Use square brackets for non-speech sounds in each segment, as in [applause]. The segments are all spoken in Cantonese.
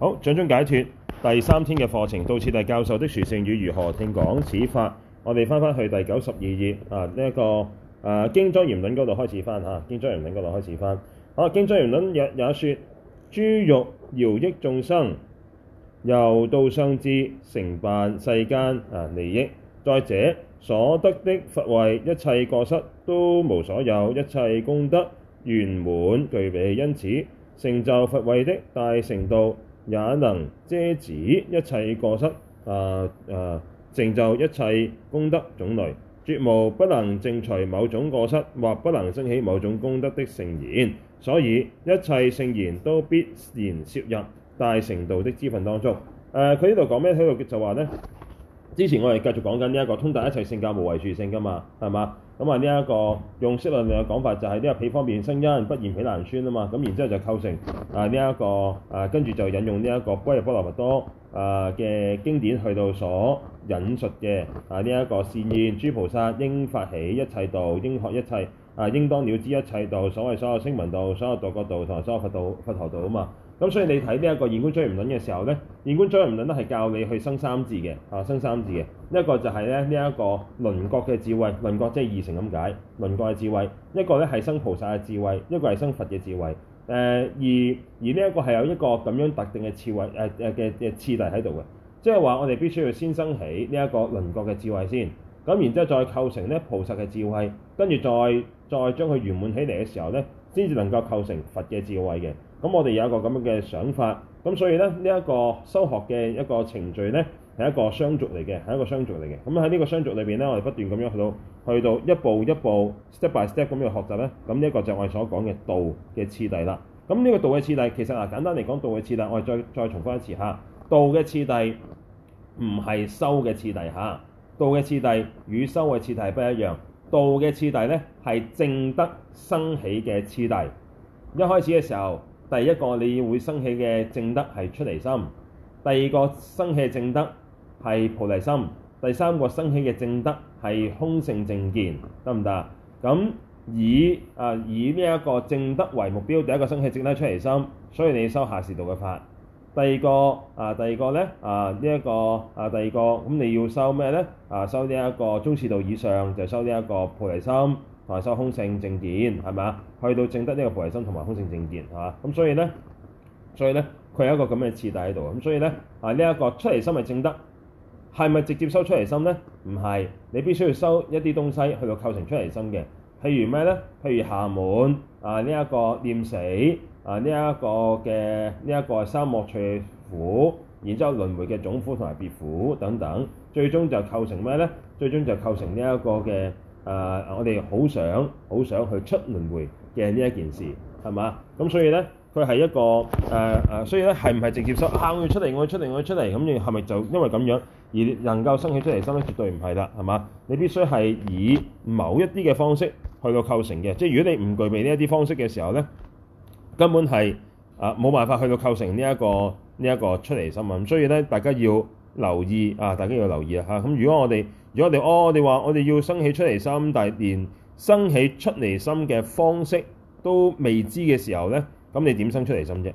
好，掌中解脫第三天嘅課程，到此大教授的殊勝與如何聽講此法。我哋翻翻去第九十二頁啊，呢、這、一個啊《經莊嚴論》嗰度開始翻啊，《經莊嚴論》嗰度開始翻。好，經言《經莊嚴論》也也說：諸欲饒益眾生，由道相智成辦世間啊利益。再者所得的佛位一切過失都無所有，一切功德圓滿具備。因此成就佛位的大乘道。也能遮止一切過失，啊、呃、啊，成、呃、就一切功德種類，絕無不能正除某種過失或不能生起某種功德的聖言。所以一切聖言都必然攝入大乘道的支分當中。誒、呃，佢呢度講咩？佢度就話呢。之前我哋繼續講緊呢一個通達一切聖教無違殊勝㗎嘛，係嘛？咁啊呢一個用釋量論嘅講法就係呢、這個彼方便生因，不現彼難宣啊嘛，咁然之後就構成啊呢一、這個啊跟住就引用呢、這、一個《般若波羅蜜多》啊嘅經典去到所引述嘅啊呢一、這個善現諸菩薩應發起一切道應學一切啊應當了知一切道所謂所有聲聞道所有獨覺道同埋所有佛道有佛頭道啊嘛。咁、嗯、所以你睇呢一個現觀莊嚴論嘅時候咧，現觀莊嚴論咧係教你去生三智嘅，啊生三智嘅。呢一個就係咧呢一個輪覺嘅智慧，輪覺即係二乘咁解，輪覺嘅智慧。一個咧係生菩薩嘅智慧，一個係生佛嘅智慧。誒、呃、而而呢一個係有一個咁樣特定嘅智慧誒誒嘅次第喺度嘅，即係話我哋必須要先生起呢一個輪覺嘅智慧先，咁然之後再構成咧菩薩嘅智慧，跟住再再將佢圓滿起嚟嘅時候咧，先至能夠構成佛嘅智慧嘅。咁我哋有一個咁樣嘅想法，咁所以咧呢一個修學嘅一個程序呢，係一個雙軸嚟嘅，係一個雙軸嚟嘅。咁喺呢個雙軸裏邊呢，我哋不斷咁樣去到去到一步一步 step by step 咁樣學習呢。咁呢一個就係我哋所講嘅道嘅次第啦。咁呢個道嘅次第其實啊簡單嚟講，道嘅次第我哋再再重複一次嚇。道嘅次第唔係修嘅次第嚇，道、啊、道嘅次第與修嘅次第係不一樣。道嘅次第呢，係正德生起嘅次第，一開始嘅時候。第一個你要會生起嘅正德係出離心，第二個生起正德係菩提心，第三個生起嘅正德係空性正見，得唔得？咁以啊以呢一個正德為目標，第一個生起正德出離心，所以你要修下士道嘅法。第二個啊第二個咧啊呢一個啊，第二個咁你要修咩呢？啊修呢一個中士道以上就修呢一個菩提心。收空性正見係咪啊？去到證得呢個菩提心同埋空性正見係嘛？咁所以咧，所以咧，佢有一個咁嘅次第喺度。咁所以咧，啊呢一、這個出離心係證得，係咪直接收出離心咧？唔係，你必須要收一啲東西去到構成出離心嘅。譬如咩咧？譬如暇滿啊，呢、這、一個念死啊，呢、這、一個嘅呢一個三惡趣苦，然之後輪迴嘅總苦同埋別苦等等，最終就構成咩咧？最終就構成呢一個嘅。誒、呃、我哋好想好想去出輪迴嘅呢一件事係嘛？咁所以咧，佢係一個誒誒、呃，所以咧，係唔係直接收喊要出嚟，我要出嚟，我要出嚟咁？你係咪就因為咁樣而能夠生起出離心咧？絕對唔係啦，係嘛？你必須係以某一啲嘅方式去到構成嘅。即係如果你唔具備呢一啲方式嘅時候咧，根本係啊冇辦法去到構成呢、這、一個呢一、這個出離心啊！所以咧，大家要留意啊！大家要留意啊！嚇咁如果我哋如果我哋，我哋話我哋要生起出離心，但係連生起出離心嘅方式都未知嘅時候咧，咁你點生出離心啫？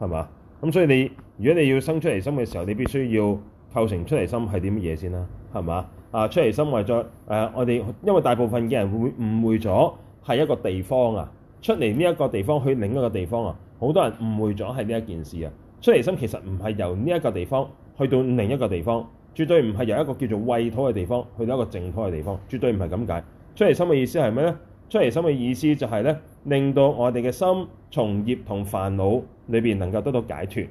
係嘛？咁所以你，如果你要生出離心嘅時候，你必須要構成出離心係點乜嘢先啦，係嘛？啊，出離心為、呃、我係再我哋因為大部分嘅人會誤會咗係一個地方啊，出嚟呢一個地方去另一個地方啊，好多人誤會咗係呢一件事啊，出離心其實唔係由呢一個地方去到另一個地方。絕對唔係由一個叫做穢土嘅地方去到一個淨土嘅地方，絕對唔係咁解。出離心嘅意思係咩呢？出離心嘅意思就係呢：令到我哋嘅心從業同煩惱裏面能夠得到解脫。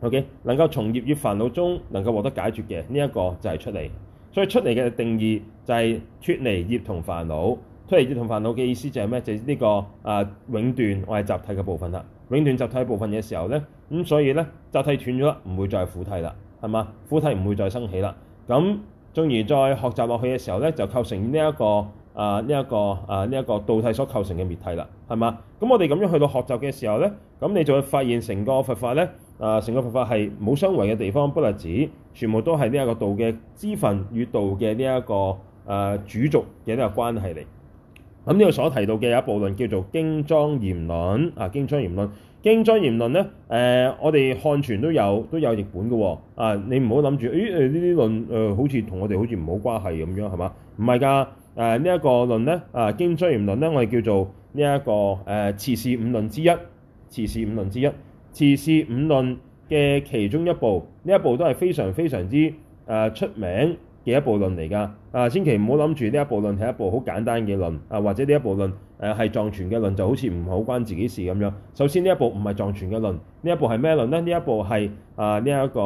OK，能夠從業與煩惱中能夠獲得解決嘅呢一個就係出離。所以出離嘅定義就係、是、脫離業同煩惱。脫離業同煩惱嘅意思就係咩？就呢、是這個啊永斷我係集諦嘅部分啦、啊。永斷集諦部分嘅時候呢，咁、嗯、所以呢，集諦斷咗啦，唔會再苦諦啦。係嘛？苦體唔會再生起啦。咁，縱而再學習落去嘅時候咧，就構成呢一、這個啊呢一個啊呢一個道體所構成嘅滅體啦。係嘛？咁我哋咁樣去到學習嘅時候咧，咁你就會發現成個佛法咧啊，成、呃、個佛法係冇相違嘅地方不但止，全部都係呢一個道嘅支分與道嘅呢一個啊、呃、主軸嘅呢個關係嚟。咁呢個所提到嘅有一部論叫做《經莊嚴論》啊，《經莊嚴論》。經莊嚴論咧，誒、呃，我哋漢傳都有，都有譯本嘅喎、哦。啊，你唔、哎呃呃、好諗住，誒呢啲論，誒好似同我哋好似唔好關係咁樣，係嘛？唔係㗎，誒、呃這個、呢一個論咧，啊經莊嚴論咧，我哋叫做呢、這、一個誒慈氏五論之一，慈氏五論之一，慈氏五論嘅其中一部，呢一部都係非常非常之誒、呃、出名嘅一部論嚟㗎。啊，千祈唔好諗住呢一部論係一部好簡單嘅論，啊或者呢一部論。誒係藏傳嘅論就好似唔好關自己事咁樣。首先呢一部唔係藏傳嘅論，呢一部係咩論呢？呢一部係啊呢一個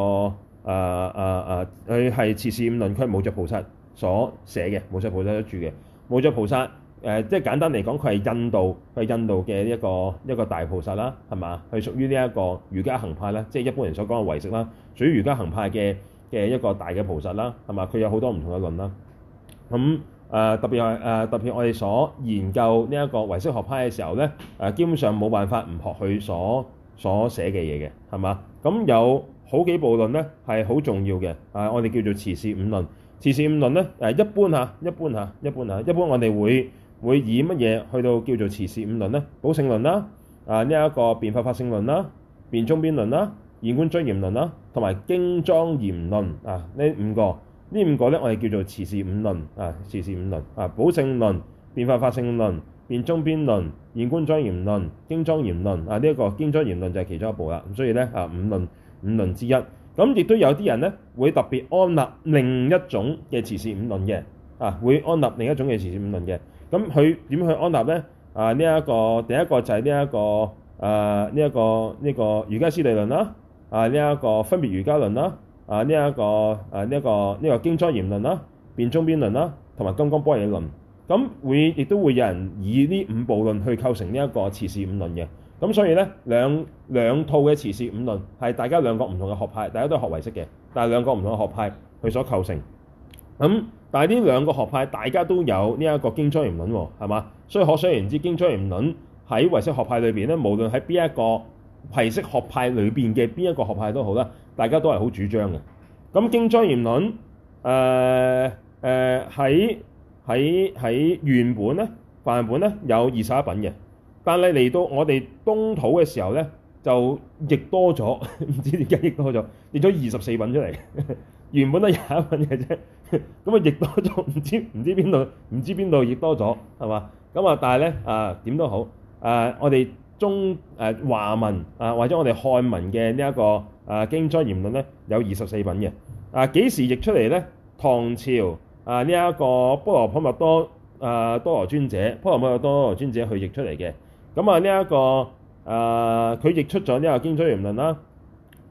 啊啊、呃、啊，佢、啊、係慈氏五論嘅，無著菩薩所寫嘅，無著菩薩住嘅，無著菩薩誒、呃，即係簡單嚟講，佢係印度，係印度嘅一、呢個一、呢個大菩薩啦，係嘛？佢屬於呢一個瑜伽行派啦，即係一般人所講嘅唯識啦，屬於瑜伽行派嘅嘅一個大嘅菩薩啦，係嘛？佢有好多唔同嘅論啦，咁、嗯。誒、啊、特別係誒、啊、特別我哋所研究呢一個唯識學派嘅時候咧，誒、啊、基本上冇辦法唔學佢所所寫嘅嘢嘅，係嘛？咁有好幾部論咧係好重要嘅，啊我哋叫做慈氏五論。慈氏五論咧誒一般嚇，一般嚇，一般嚇，一般我哋會會以乜嘢去到叫做慈氏五論咧？寶性論啦，啊呢一、這個辨法法性論啦，辨中邊論啦，現觀莊嚴論啦，同埋經莊嚴論啊呢五個。呢五個咧，我哋叫做持世五論啊，持世五論啊，補性論、變化法,法性論、變中變論、現官莊言論、經莊言論啊，呢、這、一個經莊言論就係其中一部啦。所以咧啊，五論五論之一，咁、啊、亦都有啲人咧會特別安立另一種嘅持世五論嘅啊，會安立另一種嘅持世五論嘅。咁佢點去安立咧？啊，呢、這、一個第一個就係呢一個啊，呢一個呢個瑜伽師地論啦，啊，呢、這、一、個這個這個啊這個分別瑜伽論啦。啊！呢、這、一個啊，呢、這、一個呢、這個經莊嚴論啦，辯中邊論啦，同埋金剛般若論，咁會亦都會有人以呢五部論去構成呢一個慈氏五論嘅。咁所以咧，兩兩套嘅慈氏五論係大家兩個唔同嘅學派，大家都係學唯識嘅，但係兩個唔同嘅學派去所構成。咁、嗯、但係呢兩個學派，大家都有呢一個經莊嚴論，係嘛？所以可想而知，經莊嚴論喺唯識學派裏邊咧，無論喺邊一個唯識學派裏邊嘅邊一個學派都好啦。大家都係好主張嘅。咁經莊嚴論，誒誒喺喺喺原本咧，梵本咧有二十一品嘅，但係嚟到我哋東土嘅時候咧，就譯多咗，唔知點解譯多咗，譯咗二十四品出嚟。原本得廿一品嘅啫，咁 [laughs] 啊譯多咗，唔知唔知邊度，唔知邊度譯多咗係嘛？咁啊，但係咧啊，點、呃、都好啊、呃，我哋中誒、呃、華文啊、呃，或者我哋漢文嘅呢一個。啊，《經莊嚴論呢》咧有二十四品嘅。啊，幾時譯出嚟咧？唐朝啊，呢、這、一個波羅婆蜜多啊，多羅尊者、波羅蜜多羅尊者去譯出嚟嘅。咁啊，呢一個啊，佢、啊啊、譯出咗呢個《經莊嚴論》啦。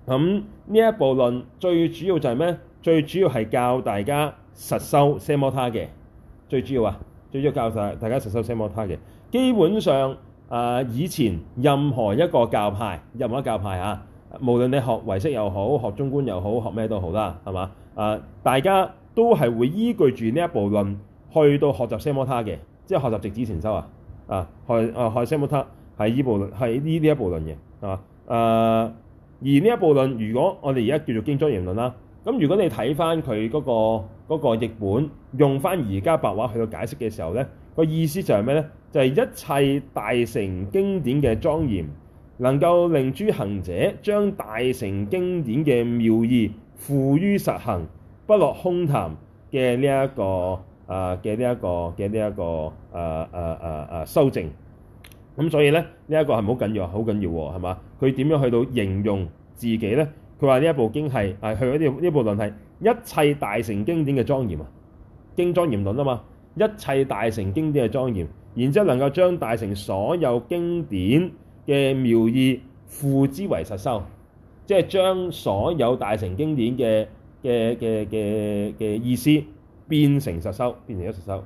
咁、啊、呢一部論最主要就係咩？最主要係教大家實修 s 奢摩他嘅。最主要啊，最主要教大大家實修 s 奢摩他嘅。基本上啊，以前任何一個教派，任何一教派啊。無論你學唯識又好，學中觀又好，學咩都好啦，係嘛？啊、呃，大家都係會依據住呢一部論去到學習奢摩他嘅，即係學習直指成修啊！啊，學啊學奢摩他係依部論，係呢一部論嘅，係嘛？啊，呃、而呢一部論，如果我哋而家叫做經莊嚴論啦，咁如果你睇翻佢嗰個嗰、那個、譯本，用翻而家白話去到解釋嘅時候咧，個意思就係咩咧？就係、是、一切大乘經典嘅莊嚴。能夠令諸行者將大乘經典嘅妙意付於實行，不落空談嘅呢一個啊嘅呢一個嘅呢一個啊啊啊修正，咁所以咧呢一個係好緊要，好緊要，係嘛？佢點樣去到形容自己咧？佢話呢一部經係啊，去呢呢部論係一切大乘經典嘅莊嚴啊，經莊嚴論啊嘛，一切大乘經典嘅莊嚴，然之後能夠將大乘所有經典。嘅妙意付之為實修，即係將所有大乘經典嘅嘅嘅嘅嘅意思變成實修，變成咗個實修，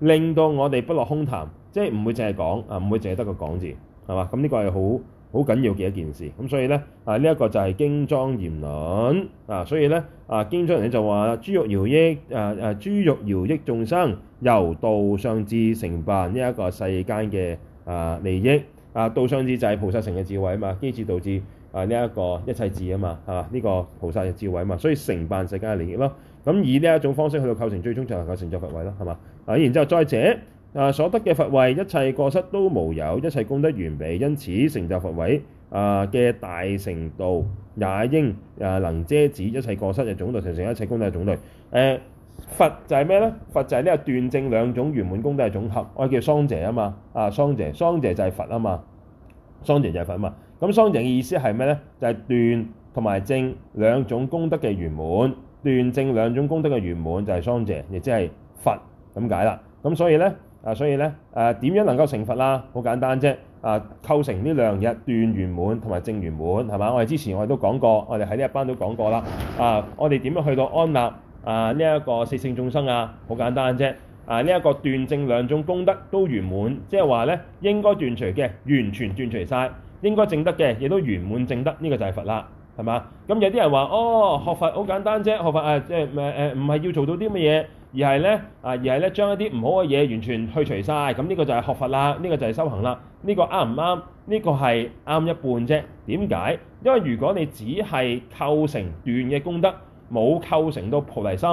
令到我哋不落空談，即係唔會淨係講啊，唔會淨係得個講字，係嘛？咁、嗯、呢、這個係好好緊要嘅一件事。咁所以咧啊，呢、這、一個就係經莊嚴論啊，所以咧啊，經莊人咧就話：諸欲饒益啊啊，諸、啊、欲饒益眾生，由道相智成辦呢一、這個世間嘅啊利益。啊！道相智就係菩薩成嘅智慧啊嘛，機智導致啊呢一、這個一切智啊嘛，啊呢、這個菩薩嘅智慧嘛，所以成辦世間嘅利益咯。咁、啊、以呢一種方式去到構成最終就能夠成就佛位咯，係嘛？啊！然之後再者，啊所得嘅佛位，一切過失都冇有，一切功德完備，因此成就佛位啊嘅大乘道，也應啊能遮止一切過失嘅種類，成就一切功德嘅種類，誒、啊。佛就係咩咧？佛就係呢個斷正兩種圓滿功德嘅總合，我哋叫桑謝啊嘛，啊桑謝，桑謝就係佛啊嘛，桑謝就係佛嘛。咁桑謝嘅意思係咩咧？就係斷同埋正兩種功德嘅圓滿，斷正兩種功德嘅圓滿就係桑謝，亦即係佛咁解啦。咁、啊、所以咧，啊所以咧，誒、啊、點樣能夠成佛啦？好簡單啫，啊構成呢兩日，斷圓滿同埋正圓滿，係嘛？我哋之前我哋都講過，我哋喺呢一班都講過啦，啊我哋點樣去到安立？啊！呢、這、一個四性眾生啊，好簡單啫。啊！呢、這、一個斷證兩種功德都圓滿，即係話呢應該斷除嘅完全斷除晒，應該證得嘅亦都圓滿證得，呢、這個就係佛啦，係嘛？咁有啲人話：哦，學佛好簡單啫，學佛啊，即係誒誒，唔係要做到啲乜嘢，而係呢，啊、呃，而係咧將一啲唔好嘅嘢完全去除晒。咁、嗯、呢、這個就係學佛啦，呢、這個就係修行啦，呢、這個啱唔啱？呢、這個係啱一半啫。點解？因為如果你只係構成斷嘅功德。冇構成到菩提心，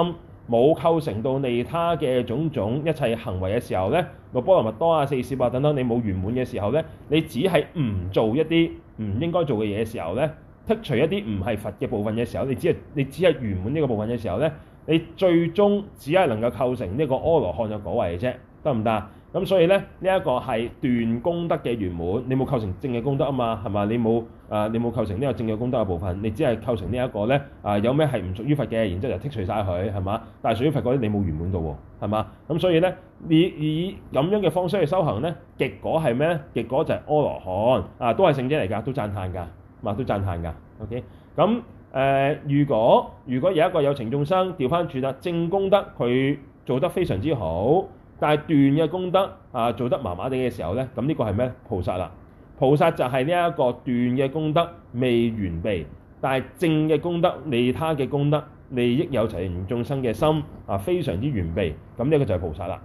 冇構成到利他嘅種種一切行為嘅時候咧，六波羅蜜多啊、四攝啊等等，你冇圓滿嘅時候咧，你只係唔做一啲唔應該做嘅嘢嘅時候咧，剔除一啲唔係佛嘅部分嘅時候，你只係你只係圓滿呢個部分嘅時候咧，你最終只係能夠構成呢個阿羅漢嘅果位嘅啫，得唔得啊？咁所以咧，呢、這、一個係斷功德嘅圓滿，你冇構成正嘅功德啊嘛，係嘛？你冇誒、呃，你冇構成呢個正嘅功德嘅部分，你只係構成呢一個咧，啊、呃、有咩係唔屬於佛嘅，然之後就剔除晒佢，係嘛？但係屬於佛嗰啲你冇圓滿到喎，係嘛？咁所以咧，你以咁樣嘅方式去修行咧，結果係咩咧？結果就係柯羅漢阿羅漢啊，都係聖者嚟㗎，都讚歎㗎，嘛都讚歎㗎。OK，咁、嗯、誒、呃，如果如果有一個有情眾生調翻轉啦，正功德佢做得非常之好。但係斷嘅功德啊，做得麻麻地嘅時候咧，咁呢個係咩？菩薩啦，菩薩就係呢一個斷嘅功德未完備，但係正嘅功德、利他嘅功德、利益有情眾生嘅心啊，非常之完備。咁呢個就係菩薩啦。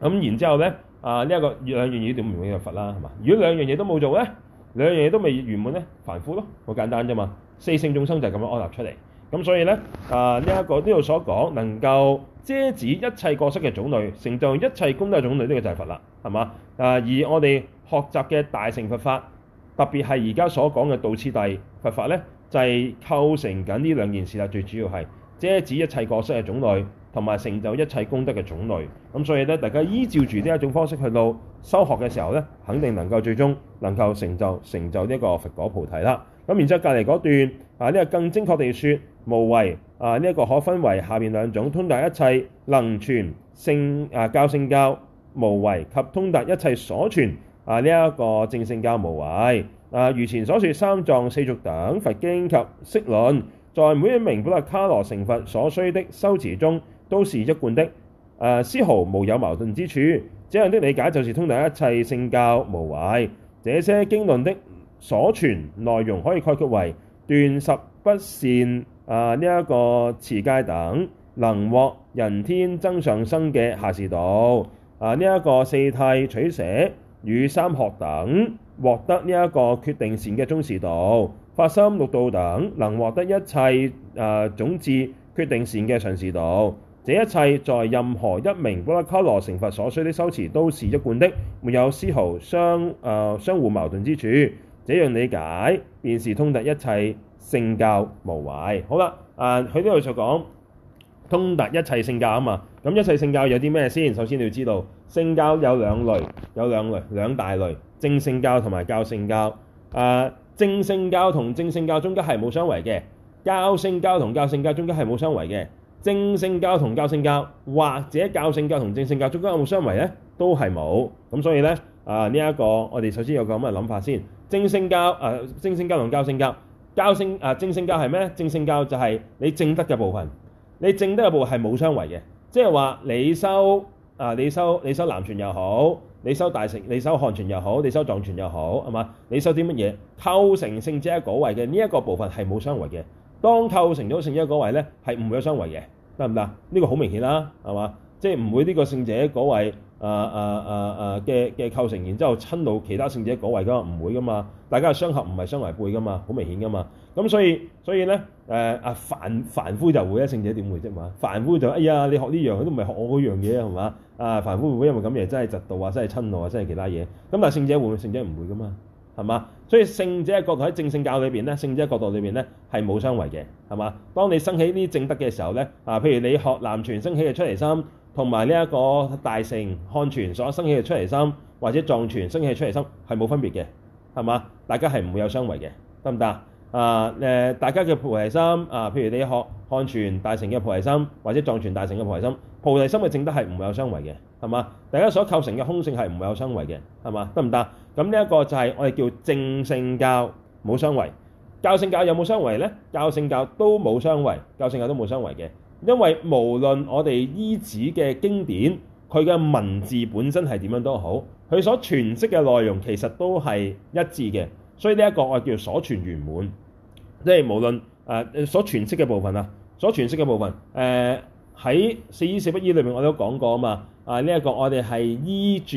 咁然之後咧啊，呢一、啊這個兩樣嘢點完就佛啦，係嘛？如果兩樣嘢都冇做咧，兩樣嘢都未完滿咧，凡夫咯，好簡單啫嘛。四聖眾生就係咁樣安立出嚟。咁所以咧啊，呢、這、一個呢度所講能夠。遮止一切過失嘅種類，成就一切功德嘅種類，呢個就係佛啦，係嘛？而我哋學習嘅大乘佛法，特別係而家所講嘅道次第佛法咧，就係、是、構成緊呢兩件事啦。最主要係遮止一切過失嘅種類，同埋成就一切功德嘅種類。咁所以咧，大家依照住呢一種方式去到修學嘅時候咧，肯定能夠最終能夠成就成就呢一個佛果菩提啦。咁然之後隔離嗰段，呢、啊這個更精確地説無違。啊！呢、這、一個可分為下面兩種：通達一切能詮聖啊教聖教無違及通達一切所詮啊呢一、這個證聖教無違啊。如前所説，三藏四續等佛經及釋論，在每一名補特伽羅成佛所需的修持中都是一貫的，誒、啊、絲毫無有矛盾之處。這樣的理解就是通達一切聖教無違。這些經論的所詮內容可以概括為斷十不善。啊！呢、這、一個持戒等能獲人天增上生嘅下士道；啊，呢、這、一個四諦取捨與三學等獲得呢一個決定善嘅中士道；發心六度等能獲得一切啊種智決定善嘅上士道。這一切在任何一名補特伽羅成佛所需的修持都是一貫的，沒有絲毫相啊相互矛盾之處。這樣理解，便是通達一切。聖教無違，好啦。誒，喺呢度就講通達一切聖教啊嘛。咁一切聖教有啲咩先？首先你要知道，聖教有兩類，有兩類兩大類，證聖教同埋教聖教。誒，證聖教同證聖教中間係冇相違嘅，教聖教同教聖教中間係冇相違嘅，證聖教同教聖教或者教聖教同證聖教中間有冇相違咧？都係冇。咁所以咧，啊呢一個我哋首先有個咁嘅諗法先，證聖教誒證聖教同教聖教。教聖啊，證聖教係咩咧？證聖教就係你證得嘅部分，你證得嘅部分係冇相違嘅，即係話你修啊，你修你修南傳又好，你修大乘，你修漢傳又好，你修藏傳又好，係嘛？你修啲乜嘢構成聖者嗰位嘅呢一個部分係冇相違嘅，當構成咗聖者嗰位咧係唔會有相違嘅，得唔得？呢個好明顯啦，係嘛？即係唔會呢個聖者嗰位。啊啊啊啊嘅嘅構成，然之後親到其他聖者嗰位噶，唔會噶嘛，大家係相合唔係相違背噶嘛，好明顯噶嘛。咁所以所以咧，誒啊凡凡夫就會啊，聖者點會啫嘛？凡夫就哎呀，你學呢樣，佢都唔係學我嗰樣嘢啊，係嘛？啊凡夫會唔會因為咁嘢真係窒道啊，真係親怒啊，真係其他嘢？咁啊聖者會唔會？聖者唔會噶嘛，係嘛？所以聖者嘅角度喺正聖教裏邊咧，聖者嘅角度裏邊咧係冇相違嘅，係嘛？當你升起呢啲正德嘅時候咧，啊譬如你學南傳升起嘅出離心。同埋呢一個大乘漢傳所生起嘅出離心，或者藏傳生起出離心，係冇分別嘅，係嘛？大家係唔會有相違嘅，得唔得啊？誒、呃呃，大家嘅菩提心，啊、呃，譬如你學漢傳大乘嘅菩提心，或者藏傳大乘嘅菩提心，菩提心嘅正德係唔會有相違嘅，係嘛？大家所構成嘅空性係唔會有相違嘅，係嘛？得唔得？咁呢一個就係我哋叫證聖教冇相違，教聖教有冇相違咧？教聖教都冇相違，教聖教都冇相違嘅。教因為無論我哋依止嘅經典，佢嘅文字本身係點樣都好，佢所詮釋嘅內容其實都係一致嘅，所以呢一個我叫所詮圓滿，即係無論誒所詮釋嘅部分啊，所詮釋嘅部分誒喺、呃、四依四不依裏面我都講過啊嘛，啊呢一個我哋係依住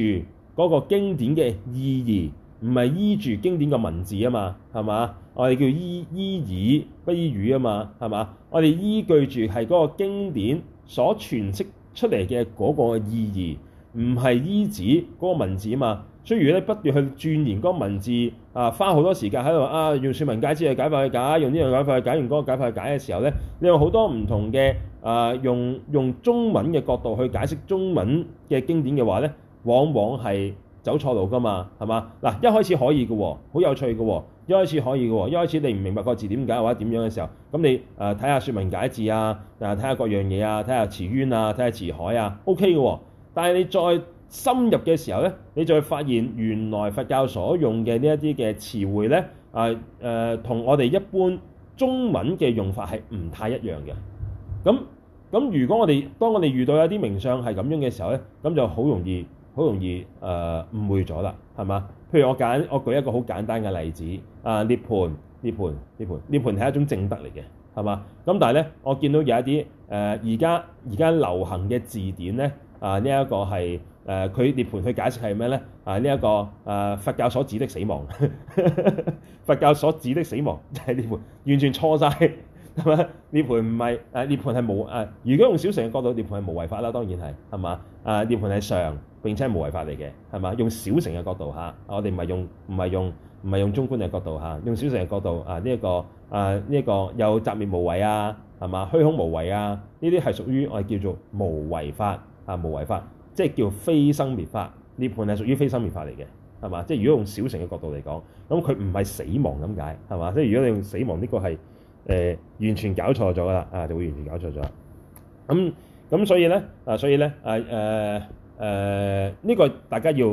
嗰個經典嘅意義。唔係依住經典個文字啊嘛，係嘛？我哋叫依依義不依語啊嘛，係嘛？我哋依據住係嗰個經典所詮釋出嚟嘅嗰個意義，唔係依止嗰個文字嘛。所以如果你不斷去鑽研嗰個文字啊，花好多時間喺度啊，用説文解字去解法去解，用呢樣解法去解，用嗰個解法去解嘅時候咧，你有好多唔同嘅啊，用用中文嘅角度去解釋中文嘅經典嘅話咧，往往係。走錯路㗎嘛，係嘛？嗱，一開始可以嘅喎、哦，好有趣嘅喎、哦，一開始可以嘅喎、哦，一開始你唔明白個字點解或者點樣嘅時候，咁你誒睇下説文解字啊，誒睇下各樣嘢啊，睇下詞源啊，睇下詞海啊，OK 嘅喎、哦。但係你再深入嘅時候咧，你就會發現原來佛教所用嘅呢一啲嘅詞彙咧，誒、呃、誒，同、呃、我哋一般中文嘅用法係唔太一樣嘅。咁咁，如果我哋當我哋遇到一啲名相係咁樣嘅時候咧，咁就好容易。好容易誒、呃、誤會咗啦，係嘛？譬如我揀我舉一個好簡單嘅例子，啊，涅盤涅盤涅盤涅盤係一種證德嚟嘅，係嘛？咁但係咧，我見到有一啲誒而家而家流行嘅字典咧，啊呢一個係誒佢涅盤佢解釋係咩咧？啊呢一個誒、呃、佛教所指的死亡， [laughs] 佛教所指的死亡就係、是、涅盤，完全錯晒。係嘛？涅槃唔係誒，涅槃係無誒、啊。如果用小乘嘅角度，涅槃係無為法啦，當然係係嘛。誒，涅槃係常，並且係無為法嚟嘅，係嘛？用小乘嘅角度吓、啊，我哋唔係用唔係用唔係用中觀嘅角度嚇、啊，用小乘嘅角度啊呢一、啊這個誒呢一個有擇滅無為啊，係嘛？虛空無為啊，呢啲係屬於我哋叫做無為法啊，無為法即係叫非生滅法。涅槃係屬於非生滅法嚟嘅，係嘛？即係如果用小乘嘅角度嚟講，咁佢唔係死亡咁解，係嘛？即係如果你用死亡呢個係。誒、呃、完全搞錯咗噶啦，啊就會完全搞錯咗。咁咁所以咧，啊所以咧，啊誒誒呢個大家要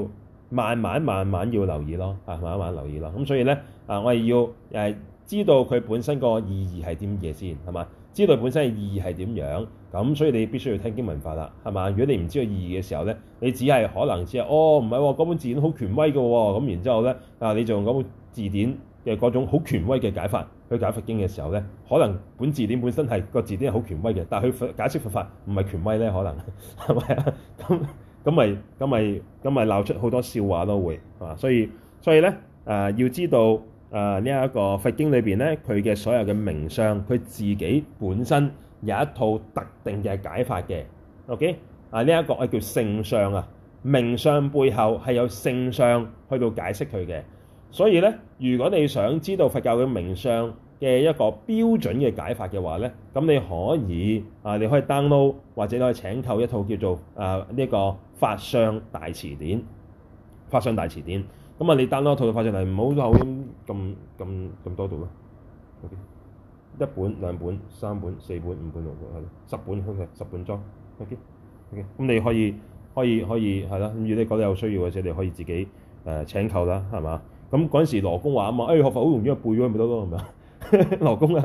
慢慢慢慢要留意咯，啊慢慢留意咯。咁、啊、所以咧，啊我哋要誒知道佢本身個意義係點嘢先，係、啊、嘛？知道本身意義係點樣？咁、啊、所以你必須要聽經文法啦，係嘛？如果你唔知道意義嘅時候咧，你只係可能只係哦唔係喎，嗰、哦、本字典好權威噶喎、哦，咁然之後咧啊，你就用嗰本字典嘅嗰種好權威嘅解法，去解佛經嘅時候咧，可能本字典本身係個字典係好權威嘅，但佢去解釋佛法唔係權威咧，可能係咪啊？咁咁咪咁咪咁咪鬧出好多笑話都會啊！所以所以咧誒、呃，要知道誒呢一個佛經裏邊咧，佢嘅所有嘅名相，佢自己本身有一套特定嘅解法嘅。OK 啊，呢、這、一個係叫性相啊，名相背後係有性相去到解釋佢嘅。所以咧，如果你想知道佛教嘅名相嘅一個標準嘅解法嘅話咧，咁你可以啊，你可以 download 或者你可以請購一套叫做啊呢個法相大辭典。法相大辭典咁啊，你 download 套法相嚟，唔好後咁咁咁多度咯。OK，一本兩本三本四本五本六本係咯，十本香嘅、OK? 十本裝。OK OK，咁你可以可以可以係咯。咁如果你覺得有需要嘅者，你可以自己誒請購啦，係嘛？咁嗰陣時，羅公話啊嘛，誒、哎、學法好容易啊，背咗咪得咯，係咪啊？羅公啊，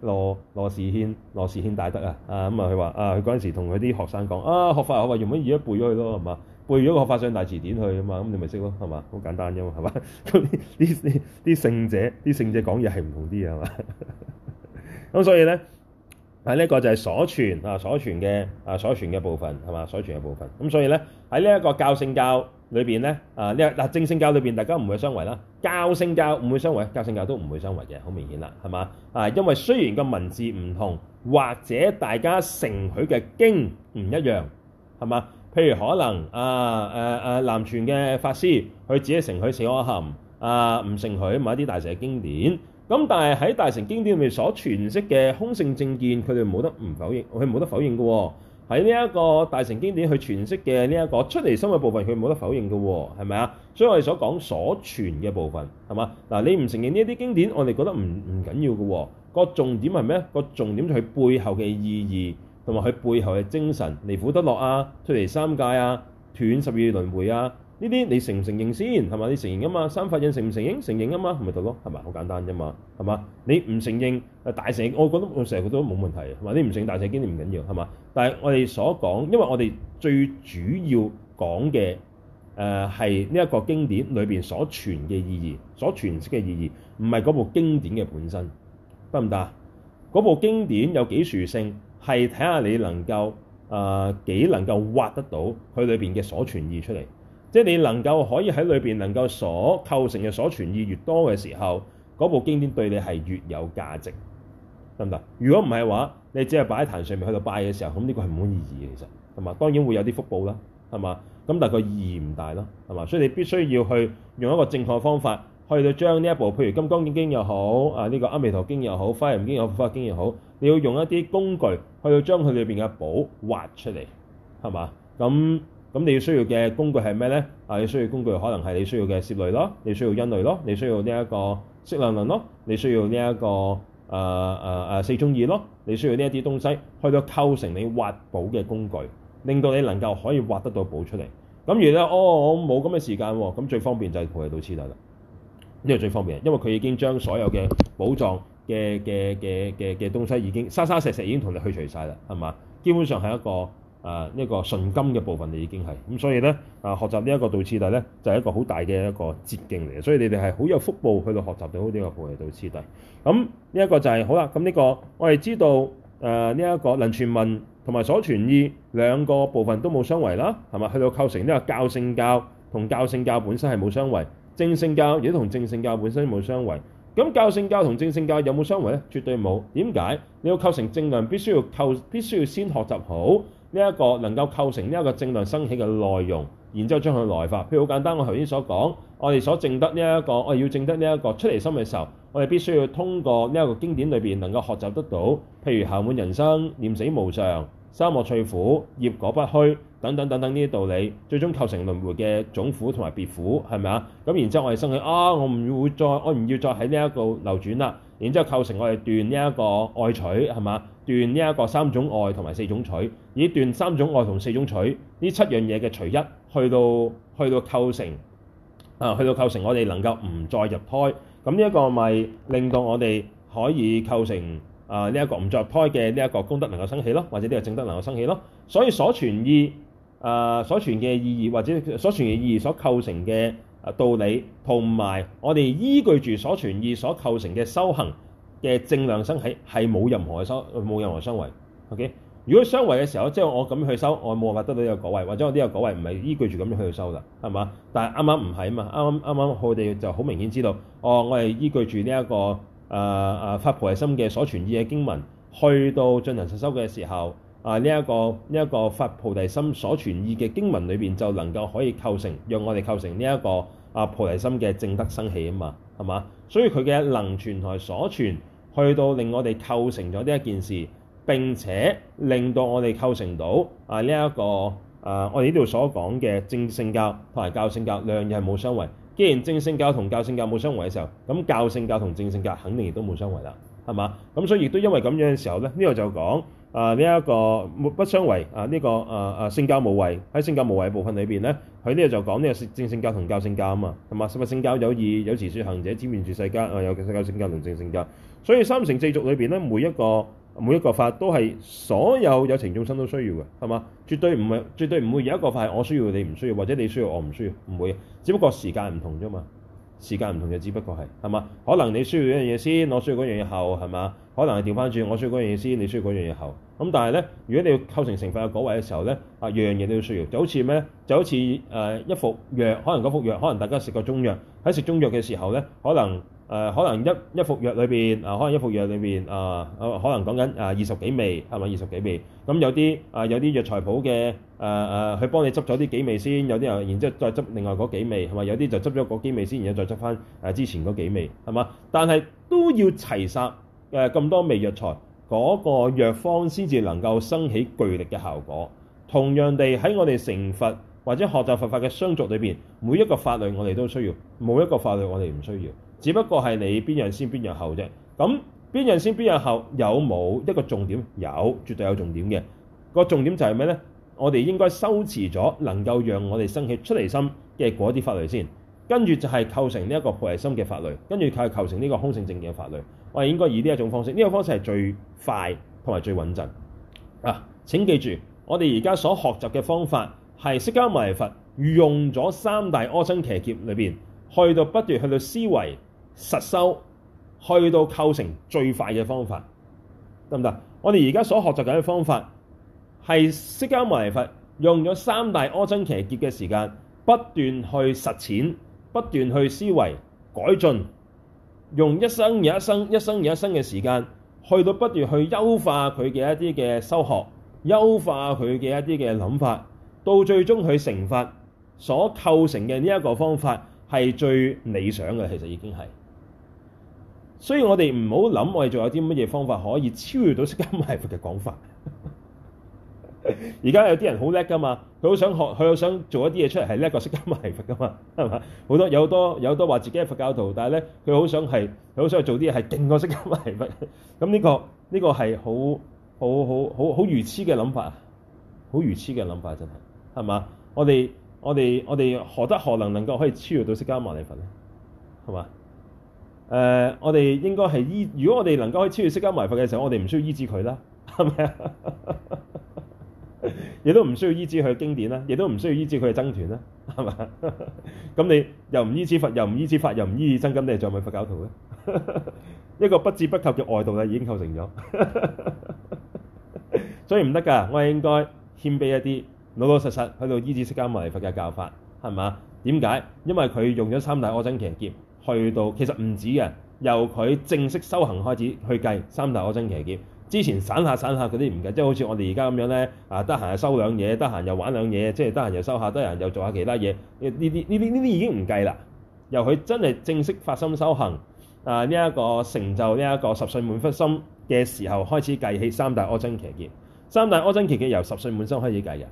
羅羅士軒，羅士軒大德啊，啊咁、嗯、啊，佢話啊，佢嗰陣時同佢啲學生講啊，學法我話用乜嘢都背咗佢咯，係嘛？背咗個學法上大字典去啊嘛，咁你咪識咯，係、嗯、嘛？好簡單啫嘛，係嘛？啲啲啲聖者，啲聖者講嘢係唔同啲嘢，係嘛？咁、嗯、所以咧。係呢一個就係所詮啊，所詮嘅啊，所詮嘅部分係嘛？所詮嘅部分咁，所以咧，喺呢一個教聖教裏邊咧啊，呢、啊、嗱證聖教裏邊，大家唔會相違啦。教聖教唔會相違，教聖教都唔會相違嘅，好明顯啦，係嘛？啊，因為雖然個文字唔同，或者大家承許嘅經唔一樣，係嘛？譬如可能啊誒誒、啊啊啊、南傳嘅法師，佢只係承許四阿含啊，唔承許某一啲大乘經典。咁但係喺大乘經典裏面所傳釋嘅空性正見，佢哋冇得唔否認，佢冇得否認嘅喎、哦。喺呢一個大乘經典去傳釋嘅呢一個出離心嘅部分，佢冇得否認嘅喎、哦，係咪啊？所以我哋所講所傳嘅部分，係嘛？嗱，你唔承認呢一啲經典，我哋覺得唔唔緊要嘅喎、哦。那個重點係咩？那個重點就係佢背後嘅意義同埋佢背後嘅精神，離苦得樂啊，出離三界啊，斷十二輪迴啊。呢啲你承唔承認先係咪？你承認噶嘛？三法印承唔承認？承認噶嘛？係咪就咯？係咪好簡單啫嘛？係嘛？你唔承認誒大乘，我覺得我成日覺得冇問題，話你唔承認大乘經典唔緊要係嘛？但係我哋所講，因為我哋最主要講嘅誒係呢一個經典裏邊所傳嘅意義，所傳釋嘅意義，唔係嗰部經典嘅本身得唔得？嗰部經典有幾殊勝，係睇下你能夠誒幾、呃、能夠挖得到佢裏邊嘅所傳意出嚟。即係你能夠可以喺裏邊能夠所構成嘅所詮意越多嘅時候，嗰部經典對你係越有價值，得唔得？如果唔係話，你只係擺喺壇上面去到拜嘅時候，咁呢個係冇意義嘅，其實係嘛？當然會有啲福報啦，係嘛？咁但係個意義唔大咯，係嘛？所以你必須要去用一個正確方法，去到將呢一部，譬如《金剛經》又好，啊呢個《阿彌陀經》又好，《法華經》又好，《法華經》又好，你要用一啲工具去到將佢裏邊嘅寶挖出嚟，係嘛？咁。咁你要需要嘅工具係咩咧？啊，你需要工具可能係你需要嘅蝕類咯，你需要因類咯，你需要呢一個色能量咯，你需要呢一個誒誒誒四中二咯，你需要呢一啲東西去到構成你挖寶嘅工具，令到你能夠可以挖得到寶出嚟。咁而咧，哦，我冇咁嘅時間喎，咁最方便就係賠到黐底啦。呢個最方便，因為佢已經將所有嘅寶藏嘅嘅嘅嘅嘅東西已經沙沙石石已經同你去除晒啦，係嘛？基本上係一個。啊！呢一個純金嘅部分你已經係咁，所以咧啊，學習呢、就是、一個道師底咧，就係一個好大嘅一個捷徑嚟。所以你哋係好有福報去到學習到呢一個菩提道次第咁呢一個就係、是、好啦。咁、嗯、呢、這個我哋知道誒，呢、呃、一、這個能詮文同埋所詮義兩個部分都冇相違啦，係咪？去到構成呢個教聖教同教聖教本身係冇相違，證聖教亦都同證聖教本身冇相違。咁教聖教同證聖教有冇相違咧？絕對冇。點解你要構成正量，必須要構必須要先學習好？呢一個能夠構成呢一個正量生起嘅內容，然之後將佢內化。譬如好簡單，我頭先所講，我哋所證得呢一個，我哋要證得呢一個出離心嘅時候，我哋必須要通過呢一個經典裏邊能夠學習得到。譬如暇滿人生、念死無常、三惡趣苦、業果不虛等等等等呢啲道理，最終構成輪迴嘅總苦同埋別苦，係咪啊？咁然之後我哋生起啊，我唔會再，我唔要再喺呢一個流轉啦。然之後構成我哋斷呢一個愛取，係咪？斷呢一個三種愛同埋四種取，以斷三種愛同四種取呢七樣嘢嘅除一，去到去到構成啊，去到構成我哋能夠唔再入胎，咁呢一個咪令到我哋可以構成啊呢一個唔再胎嘅呢一個功德能夠生起咯，或者呢個正德能夠生起咯。所以所存意啊、呃，所存嘅意義或者所存嘅意義所構成嘅。道理同埋我哋依據住所詮義所構成嘅修行嘅正量生起係冇任何嘅傷冇任何相違。OK，如果相違嘅時候，即係我咁去修，我冇辦法得到呢個果位，或者我呢個果位唔係依據住咁樣去修噶，係嘛？但係啱啱唔係啊嘛，啱啱啱啱我哋就好明顯知道，哦，我係依據住呢一個啊啊、呃、發菩提心嘅所詮義嘅經文去到進行實修嘅時候。啊！呢、這、一個呢一、這個發菩提心所傳意嘅經文裏邊，就能夠可以構成，讓我哋構成呢、這、一個啊菩提心嘅正德生起啊嘛，係嘛？所以佢嘅能傳同埋所傳，去到令我哋構成咗呢一件事，並且令到我哋構成到啊呢一、這個啊我哋呢度所講嘅證聖教同埋教聖教，兩樣係冇相違。既然證聖教同教聖教冇相違嘅時候，咁教聖教同證聖教肯定亦都冇相違啦，係嘛？咁所以亦都因為咁樣嘅時候咧，呢度就講。啊呢一、這個不相違啊呢個啊啊聖教無違喺聖教無違部分裏邊咧，佢呢就講呢個證聖教同交，交、啊、教聖教啊嘛，係嘛？什乜聖教有義，有時說行者之面住世間啊，有教聖教同證聖教，所以三乘四續裏邊咧，每一個每一個法都係所有有情眾生都需要嘅，係嘛？絕對唔係，絕對唔會有一個法係我需要你唔需要，或者你需要我唔需要，唔會，只不過時間唔同啫嘛，時間唔同就只不過係，係嘛？可能你需要一樣嘢先，我需要嗰樣嘢後，係嘛？可能調翻轉，我需要嗰樣嘢先，你需要嗰樣嘢後。咁但係咧，如果你要構成成分嘅果位嘅時候咧，啊，樣嘢都要需要，就好似咩就好似誒一服藥，可能嗰服藥，可能大家食過中藥，喺食中藥嘅時候咧，可能誒可能一一服藥裏邊啊，可能一服藥裏邊啊，可能講緊啊二十幾味係咪二十幾味？咁有啲啊、呃、有啲藥材鋪嘅誒誒，佢、呃、幫你執咗啲幾味先，有啲人然之後再執另外嗰幾味係咪？有啲就執咗嗰幾味先，然後再執翻誒之前嗰幾味係嘛？但係都要齊曬誒咁多味藥材。嗰個藥方先至能夠生起巨力嘅效果。同樣地喺我哋成佛或者學習佛法嘅相續裏邊，每一個法類我哋都需要，冇一個法類我哋唔需要。只不過係你邊樣先，邊樣後啫。咁邊樣先，邊樣後有冇一個重點？有，絕對有重點嘅。個重點就係咩呢？我哋應該修持咗能夠讓我哋生起出離心嘅嗰啲法類先。跟住就係構成呢一個菩提心嘅法類，跟住佢構構成呢個空性正見嘅法類。我哋應該以呢一種方式，呢個方式係最快同埋最穩陣啊！請記住，我哋而家所學習嘅方法係釋迦牟尼佛用咗三大阿僧祇劫裏邊，去到不斷去到思維實修，去到構成最快嘅方法，得唔得？我哋而家所學習緊嘅方法係釋迦牟尼佛用咗三大阿僧祇劫嘅時間，不斷去實踐。不斷去思維改進，用一生又一生、一生又一生嘅時間，去到不斷去優化佢嘅一啲嘅修學，優化佢嘅一啲嘅諗法，到最終佢成佛所構成嘅呢一個方法係最理想嘅，其實已經係。所以我哋唔好諗我哋仲有啲乜嘢方法可以超越到釋迦牟尼佛嘅講法。而家有啲人好叻噶嘛，佢好想學，佢好想做一啲嘢出嚟，係叻過釋迦牟尼佛噶嘛，係嘛？好多有好多有好多話自己係佛教徒，但係咧，佢好想係，佢好想去做啲嘢係勁過釋迦牟尼佛。咁呢、這個呢、這個係好好好好好愚痴嘅諗法，好愚痴嘅諗法真係，係嘛？我哋我哋我哋何德何能能夠可以超越到釋迦牟尼佛咧？係嘛？誒、呃，我哋應該係醫，如果我哋能夠可以超越釋迦牟尼佛嘅時候，我哋唔需要醫治佢啦，係咪啊？ [laughs] 亦都唔需要依止佢嘅經典啦，亦都唔需要依止佢嘅僧團啦，係嘛？咁 [laughs] 你又唔依止佛，又唔依止法，又唔依止僧，咁你係咪佛教徒咧？ [laughs] 一個不折不扣嘅外道咧，已經構成咗。 [laughs] 所以唔得噶，我哋應該謙卑一啲，老老實實去到依止釋迦牟尼佛嘅教法，係嘛？點解？因為佢用咗三大阿僧祇劫去到，其實唔止嘅，由佢正式修行開始去計三大阿僧祇劫。之前散下散下嗰啲唔計，即係好似我哋而家咁樣咧，啊得閒又收兩嘢，得閒又玩兩嘢，即係得閒又收下，得閒又做下其他嘢。呢啲呢啲呢啲已經唔計啦。由佢真係正，正式發心修行啊呢一、這個成就呢一、這個十歲滿心嘅時候開始計起三大阿僧祇劫。三大阿僧祇劫由十歲滿心開始計嘅。誒、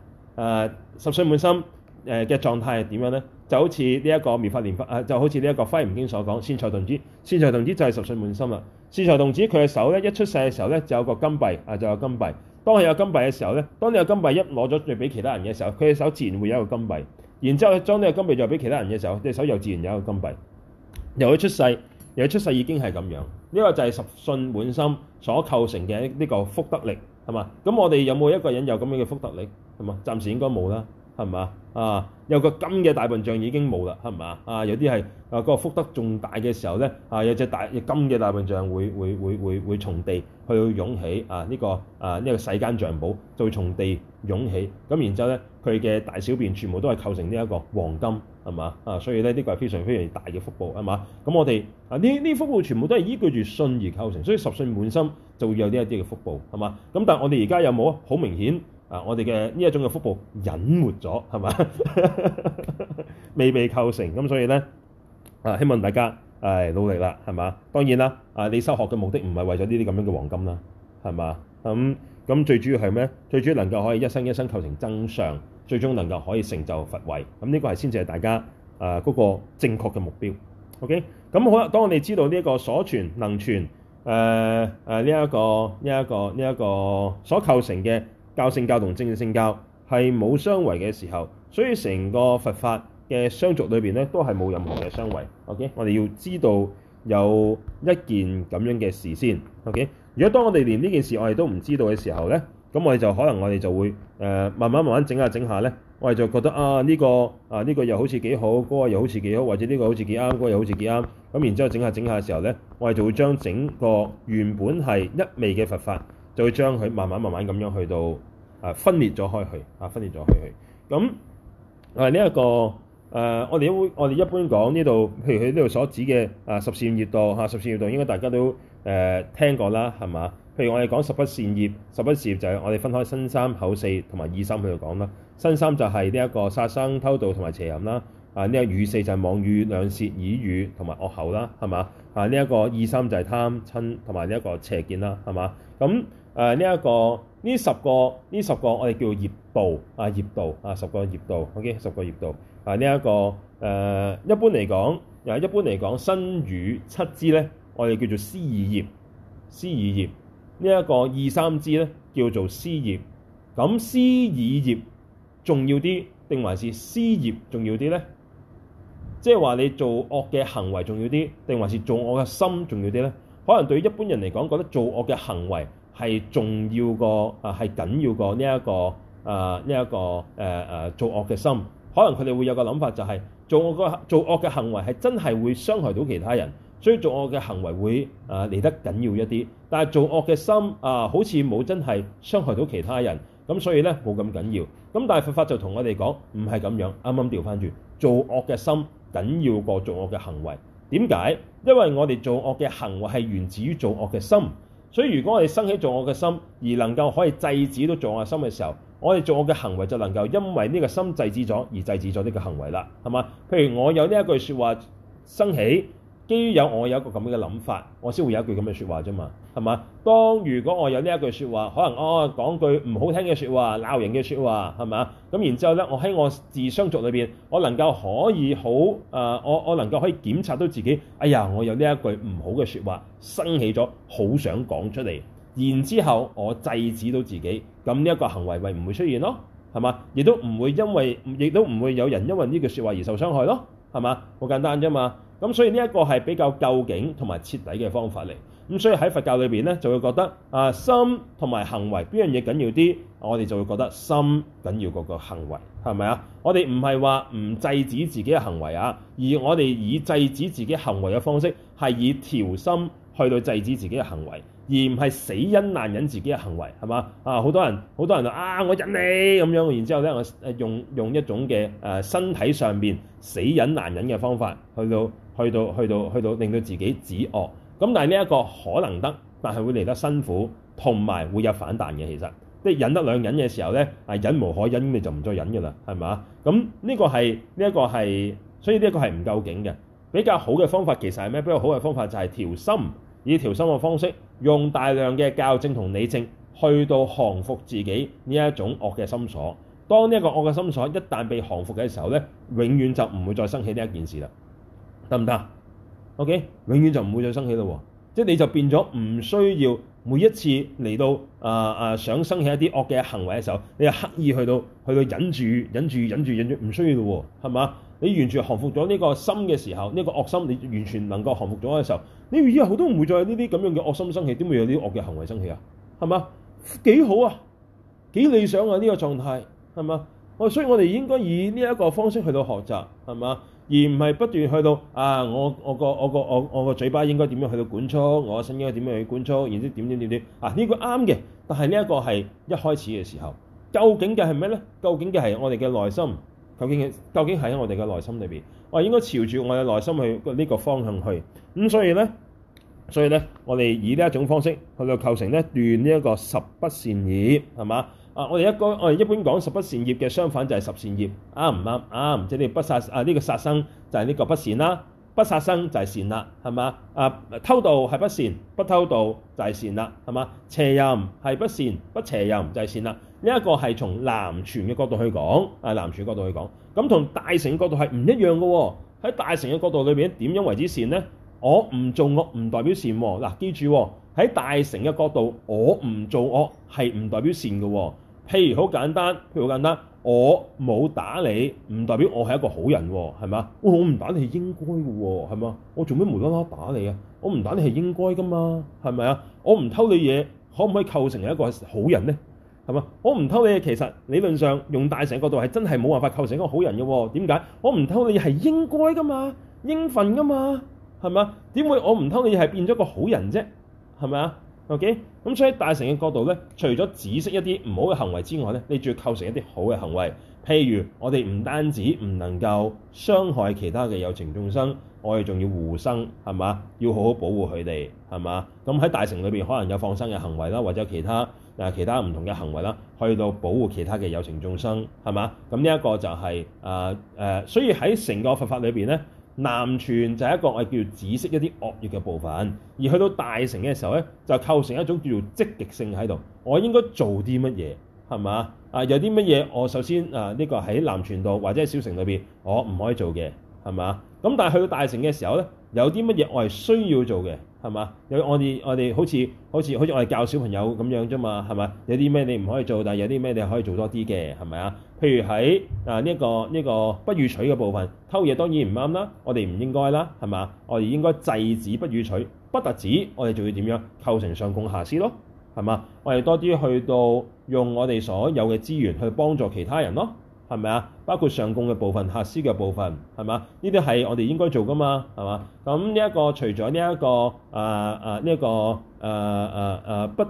啊、十歲滿心誒嘅狀態係點樣咧？就好似呢一個妙法蓮華啊，就好似呢一個華《華嚴經》所講，善財童子，善財童子就係十歲滿心啦。四財童子佢嘅手咧，一出世嘅時候咧就有個金幣，啊就有金幣。當佢有金幣嘅時候咧，當你有金幣一攞咗再俾其他人嘅時候，佢嘅手自然會有一個金幣。然之後將呢個金幣再俾其他人嘅時候，隻手又自然有一個金幣。由佢出世，由佢出世已經係咁樣。呢、這個就係十信滿心所構成嘅呢個福德力，係嘛？咁我哋有冇一個人有咁樣嘅福德力？係嘛？暫時應該冇啦。係嘛啊？有個金嘅大笨象已經冇啦，係嘛啊？有啲係啊，嗰個福德重大嘅時候咧，啊有隻大有金嘅大笨象會會會會會，會，會從地去湧起啊！呢個啊呢個世間象寶就會從地湧起，咁、啊、然之後咧，佢嘅大小便全部都係構成呢一個黃金，係嘛啊？所以咧呢個係非常非常大嘅福報，係嘛？咁我哋啊呢呢啲福報全部都係依據住信而構成，所以十信滿心就會有呢一啲嘅福報，係嘛？咁但係我哋而家有冇好明顯？啊！我哋嘅呢一種嘅福報隱瞞咗，係嘛？ [laughs] 未被構成咁，所以咧啊，希望大家係、哎、努力啦，係嘛？當然啦，啊，你修學嘅目的唔係為咗呢啲咁樣嘅黃金啦，係嘛？咁、嗯、咁最主要係咩？最主要能夠可以一生一生構成增上，最終能夠可以成就佛慧。咁呢個係先至係大家誒嗰、啊那個正確嘅目標。OK，咁好啦。當我哋知道呢一個所存能存誒誒呢一個呢一、這個呢一、這個、這個這個、所構成嘅。教聖教同證聖教係冇相違嘅時候，所以成個佛法嘅相續裏邊咧都係冇任何嘅相違。OK，我哋要知道有一件咁樣嘅事先。OK，如果當我哋連呢件事我哋都唔知道嘅時候咧，咁我哋就可能我哋就會誒、呃、慢慢慢慢整下整下咧，我哋就覺得啊呢、這個啊呢、這個又好似幾好，嗰、這個又好似幾好，或者呢個好似幾啱，嗰個又好似幾啱。咁、這個、然之後整下整下嘅時候咧，我哋就會將整個原本係一味嘅佛法。就會將佢慢慢慢慢咁樣去到，啊分裂咗開去，啊分裂咗去去。咁誒呢一個誒、呃，我哋會我哋一般講呢度，譬如佢呢度所指嘅啊十善業道，嚇、啊，十善業道應該大家都誒、啊、聽過啦，係嘛？譬如我哋講十不善業，十不善業就係我哋分開身三、口四同埋意三去度講啦。身三就係呢一個殺生、偷盜同埋邪淫啦。啊呢一、這個語四就係妄語、兩舌、綺語同埋惡口啦，係嘛？啊呢一、這個意三就係貪、瞋同埋呢一個邪見啦，係嘛？咁、啊啊嗯嗯嗯嗯嗯誒呢、呃、一個呢十個呢十個我哋叫業道啊業道啊十個業道 OK 十個業道啊呢一個誒、呃、一般嚟講又一般嚟講身語七支咧，我哋叫做思已業，思已業呢一個意三支咧叫做思業。咁思已業重要啲定還是思業重要啲咧？即係話你做惡嘅行為重要啲，定還是做惡嘅心重要啲咧？可能對一般人嚟講，覺得做惡嘅行為。係重要過，重要過，這個啊，係緊要過呢一個啊呢一個誒誒做惡嘅心，可能佢哋會有個諗法，就係，就係做惡嘅做惡嘅行為係真係會傷害到其他人，所以做惡嘅行為會啊嚟、呃、得緊要一啲。但係做惡嘅心啊、呃，好似冇真係傷害到其他人，咁所以咧冇咁緊要。咁但係佛法就同我哋講，唔係咁樣，啱啱調翻轉，做惡嘅心緊要過做惡嘅行為。點解？因為我哋做惡嘅行為係源自於做惡嘅心。所以如果我哋生起作惡嘅心，而能夠可以制止到作惡心嘅時候，我哋作惡嘅行為就能夠因為呢個心制止咗而制止咗呢個行為啦，係嘛？譬如我有呢一句説話生起。基於我有一個咁嘅諗法，我先會有一句咁嘅説話啫嘛，係嘛？當如果我有呢一句説話，可能我講句唔好聽嘅説話、鬧人嘅説話，係嘛？咁然之後呢，我喺我自相續裏邊，我能夠可以好誒，我、呃、我能夠可以檢察到自己，哎呀，我有呢一句唔好嘅説話，生起咗好想講出嚟，然之後我制止到自己，咁呢一個行為咪唔會出現咯，係嘛？亦都唔會因為，亦都唔會有人因為呢句説話而受傷害咯，係嘛？好簡單啫嘛。咁所以呢一個係比較究竟同埋徹底嘅方法嚟，咁所以喺佛教裏邊咧就會覺得啊，心同埋行為邊樣嘢緊要啲？我哋就會覺得心緊要過個行為，係咪啊？我哋唔係話唔制止自己嘅行為啊，而我哋以制止自己行為嘅方式係以調心去到制止自己嘅行為，而唔係死忍難忍自己嘅行為，係嘛？啊，好多人好多人啊，我忍你咁樣，然之後咧我誒用用一種嘅誒、啊、身體上邊死忍難忍嘅方法去到。去到去到去到，令到自己止惡咁，但係呢一個可能得，但係會嚟得辛苦，同埋會有反彈嘅。其實即係忍得兩忍嘅時候咧，啊忍無可忍，你就唔再忍噶啦，係咪？咁呢個係呢一個係，所以呢一個係唔夠勁嘅。比較好嘅方法其實係咩？比較好嘅方法就係調心，以調心嘅方式用大量嘅教證同理證去到降服自己呢一種惡嘅心所。當呢一個惡嘅心所一旦被降服嘅時候咧，永遠就唔會再生起呢一件事啦。得唔得？OK，永遠就唔會再生氣嘞喎、哦！即係你就變咗唔需要每一次嚟到啊啊、呃呃、想生起一啲惡嘅行為嘅時候，你就刻意去到去到忍住、忍住、忍住、忍住，唔需要嘞喎、哦，係嘛？你完全降服咗呢個心嘅時候，呢、這個惡心你完全能夠降服咗嘅時候，你以後都唔會再有呢啲咁樣嘅惡心生起，點會有呢啲惡嘅行為生起啊？係嘛？幾好啊！幾理想啊！呢、這個狀態係嘛？我所以我哋應該以呢一個方式去到學習係嘛？而唔係不斷去到啊！我我個我個我我個嘴巴應該點樣去到管束，我身應該點樣去管束，然之後點點點點啊！呢、這個啱嘅，但係呢一個係一開始嘅時候，究竟嘅係咩咧？究竟嘅係我哋嘅內心，究竟究竟係喺我哋嘅內心裏邊，啊、應該我應該朝住我嘅內心去呢、這個方向去。咁所以咧，所以咧，我哋以呢一種方式去到構成一段呢一個十不善業，係嘛？啊！我哋一個我哋一般講十不善業嘅相反就係十善業，啱唔啱？啱！唔知你不殺啊，呢個殺生就係呢個不善啦，不殺生就係善啦，係嘛？啊，偷盜係不善，不偷盜就係善啦，係嘛？邪淫係不善，不邪淫就係善啦。呢一個係從南傳嘅角度去講，啊，南傳角度去講，咁同大乘嘅角度係唔一樣嘅喎。喺大乘嘅角度裏邊，點樣為之善咧？我唔做惡唔代表善喎。嗱，記住喎，喺大乘嘅角度，我唔做惡係唔代表善嘅喎。譬如好簡單，譬如好簡單，我冇打你，唔代表我係一個好人喎，係咪啊？我唔打你係應該嘅喎，係咪啊？我做咩無啦啦打你啊？我唔打你係應該噶嘛，係咪啊？我唔偷你嘢，可唔可以構成一個好人呢？係咪啊？我唔偷你嘢，其實理論上用大成角度係真係冇辦法構成一個好人嘅喎。點解我唔偷你嘢係應該嘅嘛？應份嘅嘛，係咪啊？點會我唔偷你嘢係變咗個好人啫？係咪啊？OK，咁所以大乘嘅角度咧，除咗止息一啲唔好嘅行為之外咧，你仲要構成一啲好嘅行為。譬如我哋唔單止唔能夠傷害其他嘅有情眾生，我哋仲要護生，係嘛？要好好保護佢哋，係嘛？咁喺大乘裏邊可能有放生嘅行為啦，或者有其他啊、呃、其他唔同嘅行為啦，去到保護其他嘅有情眾生，係嘛？咁呢一個就係啊誒，所以喺成個佛法裏邊咧。南傳就係一個我叫止息一啲惡劣嘅部分，而去到大乘嘅時候呢，就構成一種叫做積極性喺度。我應該做啲乜嘢係嘛？啊有啲乜嘢我首先啊呢、這個喺南傳道或者喺小乘裏邊我唔可以做嘅係嘛？咁但係去到大乘嘅時候呢。有啲乜嘢我係需要做嘅，係嘛？有我哋我哋好似好似好似我哋教小朋友咁樣啫嘛，係嘛？有啲咩你唔可以做，但係有啲咩你可以做多啲嘅，係咪啊？譬如喺啊呢個呢個不與取嘅部分，偷嘢當然唔啱啦，我哋唔應該啦，係嘛？我哋應該制止不與取，不特止，我哋仲要點樣構成上供下施咯，係嘛？我哋多啲去到用我哋所有嘅資源去幫助其他人咯。係咪啊？包括上供嘅部分，下施嘅部分，係咪啊？呢啲係我哋應該做噶嘛，係嘛？咁呢一個除咗呢一個，呃、啊、這個呃、啊呢一個啊啊啊不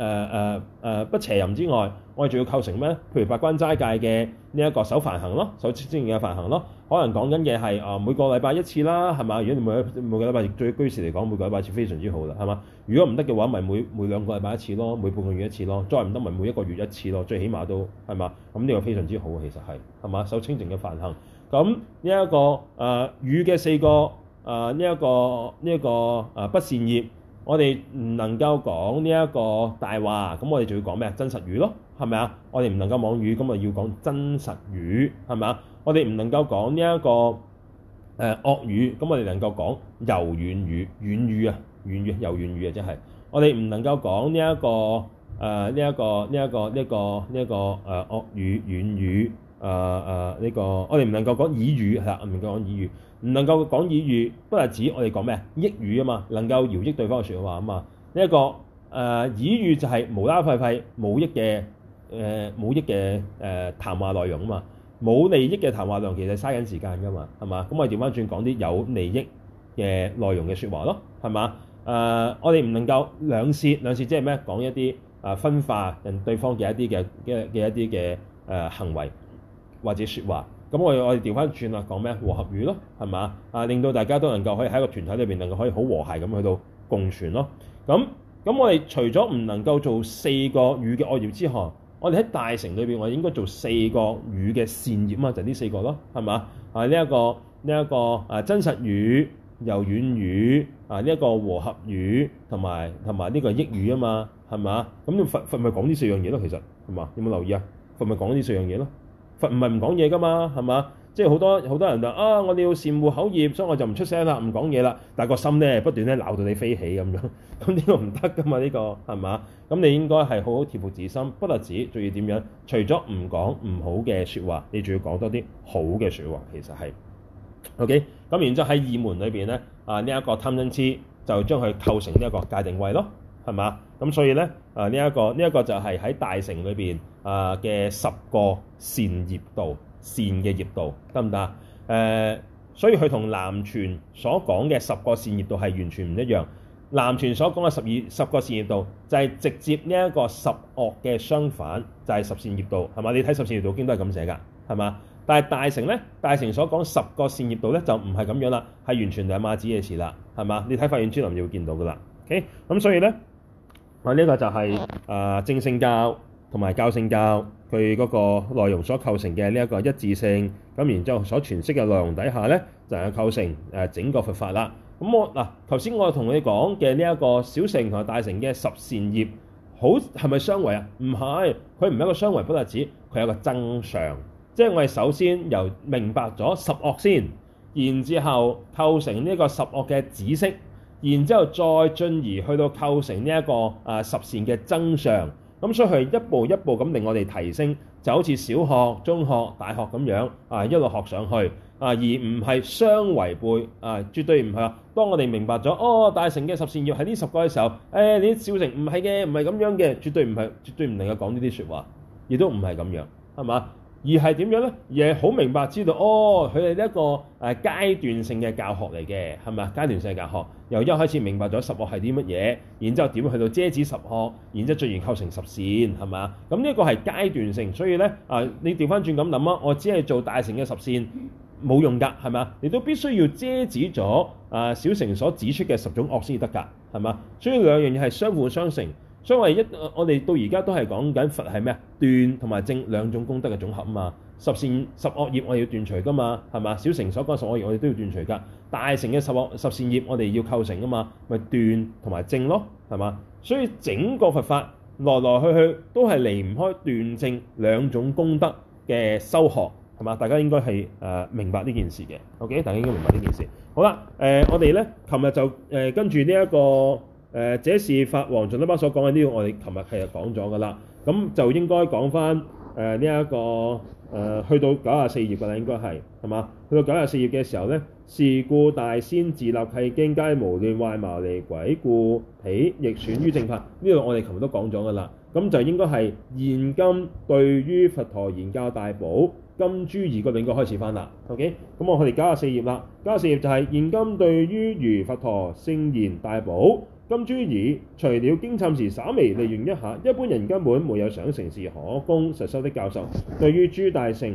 誒誒誒不邪淫之外，我哋仲要構成咩？譬如八關齋戒嘅呢一個守梵行咯，守清淨嘅梵行咯，可能講緊嘅係啊每個禮拜一次啦，係嘛？如果你每每個禮拜，最居士嚟講，每個禮拜一次非常之好啦，係嘛？如果唔得嘅話，咪每每兩個禮拜一次咯，每半個月一次咯，再唔得咪每一個月一次咯，最起碼都係嘛？咁呢個非常之好，其實係係嘛？守清淨嘅梵行，咁呢一個誒語嘅四個誒呢一個呢一個誒不善業。我哋唔能夠講呢一個大話，咁我哋就要講咩啊？真實語咯，係咪啊？我哋唔能夠妄語，咁咪要講真實語，係咪啊？我哋唔能夠講呢一個誒惡、呃、語，咁我哋能夠講柔軟語、軟語啊，軟語、柔軟語啊，即係。Fortune 我哋唔能夠講呢一個誒呢一個呢一、呢個呢、呢個呢、呢個誒惡語、軟語。呃誒誒呢個我哋唔能夠講綺語係啦，唔能夠講綺語，唔能夠講綺語。不單指我哋講咩啊，益語啊嘛，能夠饒益對方嘅説話啊嘛。呢、嗯、一、這個誒綺、呃、語就係無啦啦廢廢冇益嘅誒冇益嘅誒、呃呃、談話內容啊嘛，冇利益嘅談話量其實嘥緊時間㗎、啊、嘛，係嘛？咁我哋調翻轉講啲有利益嘅內容嘅説話咯、啊，係嘛？誒、呃、我哋唔能夠兩舌兩舌，即係咩講一啲誒、啊、分化人對方嘅一啲嘅嘅嘅一啲嘅誒行為。或者説話，咁，我我哋調翻轉啦，講咩和合語咯，係咪？啊？令到大家都能夠可以喺一個團體裏邊能夠可以好和諧咁去到共存咯。咁咁，我哋除咗唔能夠做四個語嘅惡業之外，我哋喺大乘裏邊，我哋應該做四個語嘅善業嘛，就呢、係、四個咯，係咪？啊？呢、這、一個呢一、這個啊真實語、柔軟語啊，呢、這、一個和合語同埋同埋呢個益語啊嘛，係嘛？咁你佛佛咪講呢四樣嘢咯，其實係嘛？有冇留意啊？佛咪講呢四樣嘢咯。佛唔係唔講嘢噶嘛，係嘛？即係好多好多人就啊，我哋要善護口業，所以我就唔出聲啦，唔講嘢啦。但係個心咧不斷咧鬧到你飛起咁樣，咁呢個唔得噶嘛？呢個係嘛？咁你應該係好好貼服自心，不單止，仲要點樣？除咗唔講唔好嘅説話，你仲要講多啲好嘅説話。其實係 OK。咁然之後喺二門裏邊咧，啊呢一個貪瞋癡就將佢構成呢一個界定位咯。係嘛？咁所以咧，啊呢一個呢一個就係喺大乘裏邊啊嘅十個善業道善嘅業道得唔得？誒、呃，所以佢同南傳所講嘅十個善業道係完全唔一樣。南傳所講嘅十二十個善業道就係直接呢一個十惡嘅相反，就係十善業道係嘛？你睇十善業道經都係咁寫㗎，係嘛？但係大乘咧，大乘所講十個善業道咧就唔係咁樣啦，係完全兩碼子嘅事啦，係嘛？你睇法苑珠林就會見到㗎啦。OK，咁所以咧。我呢、啊這個就係、是、誒、呃、證聖教同埋教聖教佢嗰個內容所構成嘅呢一個一致性，咁然之後所詮釋嘅內容底下呢，就係、是、構成、呃、整個佛法啦。咁我嗱頭先我同你講嘅呢一個小乘同大乘嘅十善業，好係咪相違啊？唔係，佢唔係一個相違，唔單止佢有個正常。即係我哋首先由明白咗十惡先，然之後構成呢個十惡嘅紫色。然之後再進而去到構成呢一個啊十善嘅真相，咁所以佢一步一步咁令我哋提升，就好似小學、中學、大學咁樣啊一路學上去啊，而唔係相違背啊，絕對唔係啊！當我哋明白咗哦，大乘嘅十善要喺呢十個嘅時候，誒、哎、你小乘唔係嘅，唔係咁樣嘅，絕對唔係，絕對唔能夠講呢啲説話，亦都唔係咁樣，係嘛？而係點樣呢？而亦好明白知道哦，佢係一個誒階段性嘅教學嚟嘅，係咪啊？階段性嘅教，教學，由一開始明白咗十惡係啲乜嘢，然之後點去到遮止十惡，然之後再然構成十善，係咪啊？咁呢個係階段性，所以呢，啊，你調翻轉咁諗啊，我只係做大乘嘅十善冇用㗎，係咪啊？你都必須要遮止咗啊小乘所指出嘅十種惡先得㗎，係咪啊？所以兩樣嘢係相輔相成。所以話一我哋到而家都係講緊佛係咩啊？斷同埋證兩種功德嘅總合啊嘛。十善十惡業我哋要斷除㗎嘛，係嘛？小乘所講十惡業我哋都要斷除㗎，大乘嘅十惡十善業我哋要構成㗎嘛，咪斷同埋證咯，係嘛？所以整個佛法來來去去都係離唔開斷證兩種功德嘅修學，係嘛？大家應該係誒明白呢件事嘅，OK？大家應該明白呢件事。好啦，誒、呃、我哋咧，琴日就誒、呃、跟住呢一個。誒、呃、這是法王仲敦巴所講嘅呢個，我哋琴日係又講咗嘅啦。咁就應該講翻誒呢一個誒去到九十四頁嘅啦，應該係係嘛？去到九十四頁嘅時候咧， [noise] 是故大仙自立契經，皆無亂壞牟尼軌故，彼亦損於正法。呢、這個我哋琴日都講咗嘅啦。咁就應該係現今對於佛陀言教大寶甘珠爾嗰個應該開始翻啦。OK，咁、嗯、我哋九十四頁啦，九十四頁就係現今對於如佛陀聖言大寶。甘珠爾除了經懺時稍微利用一下，一般人根本沒有想成是可供實修的教授。對於諸大車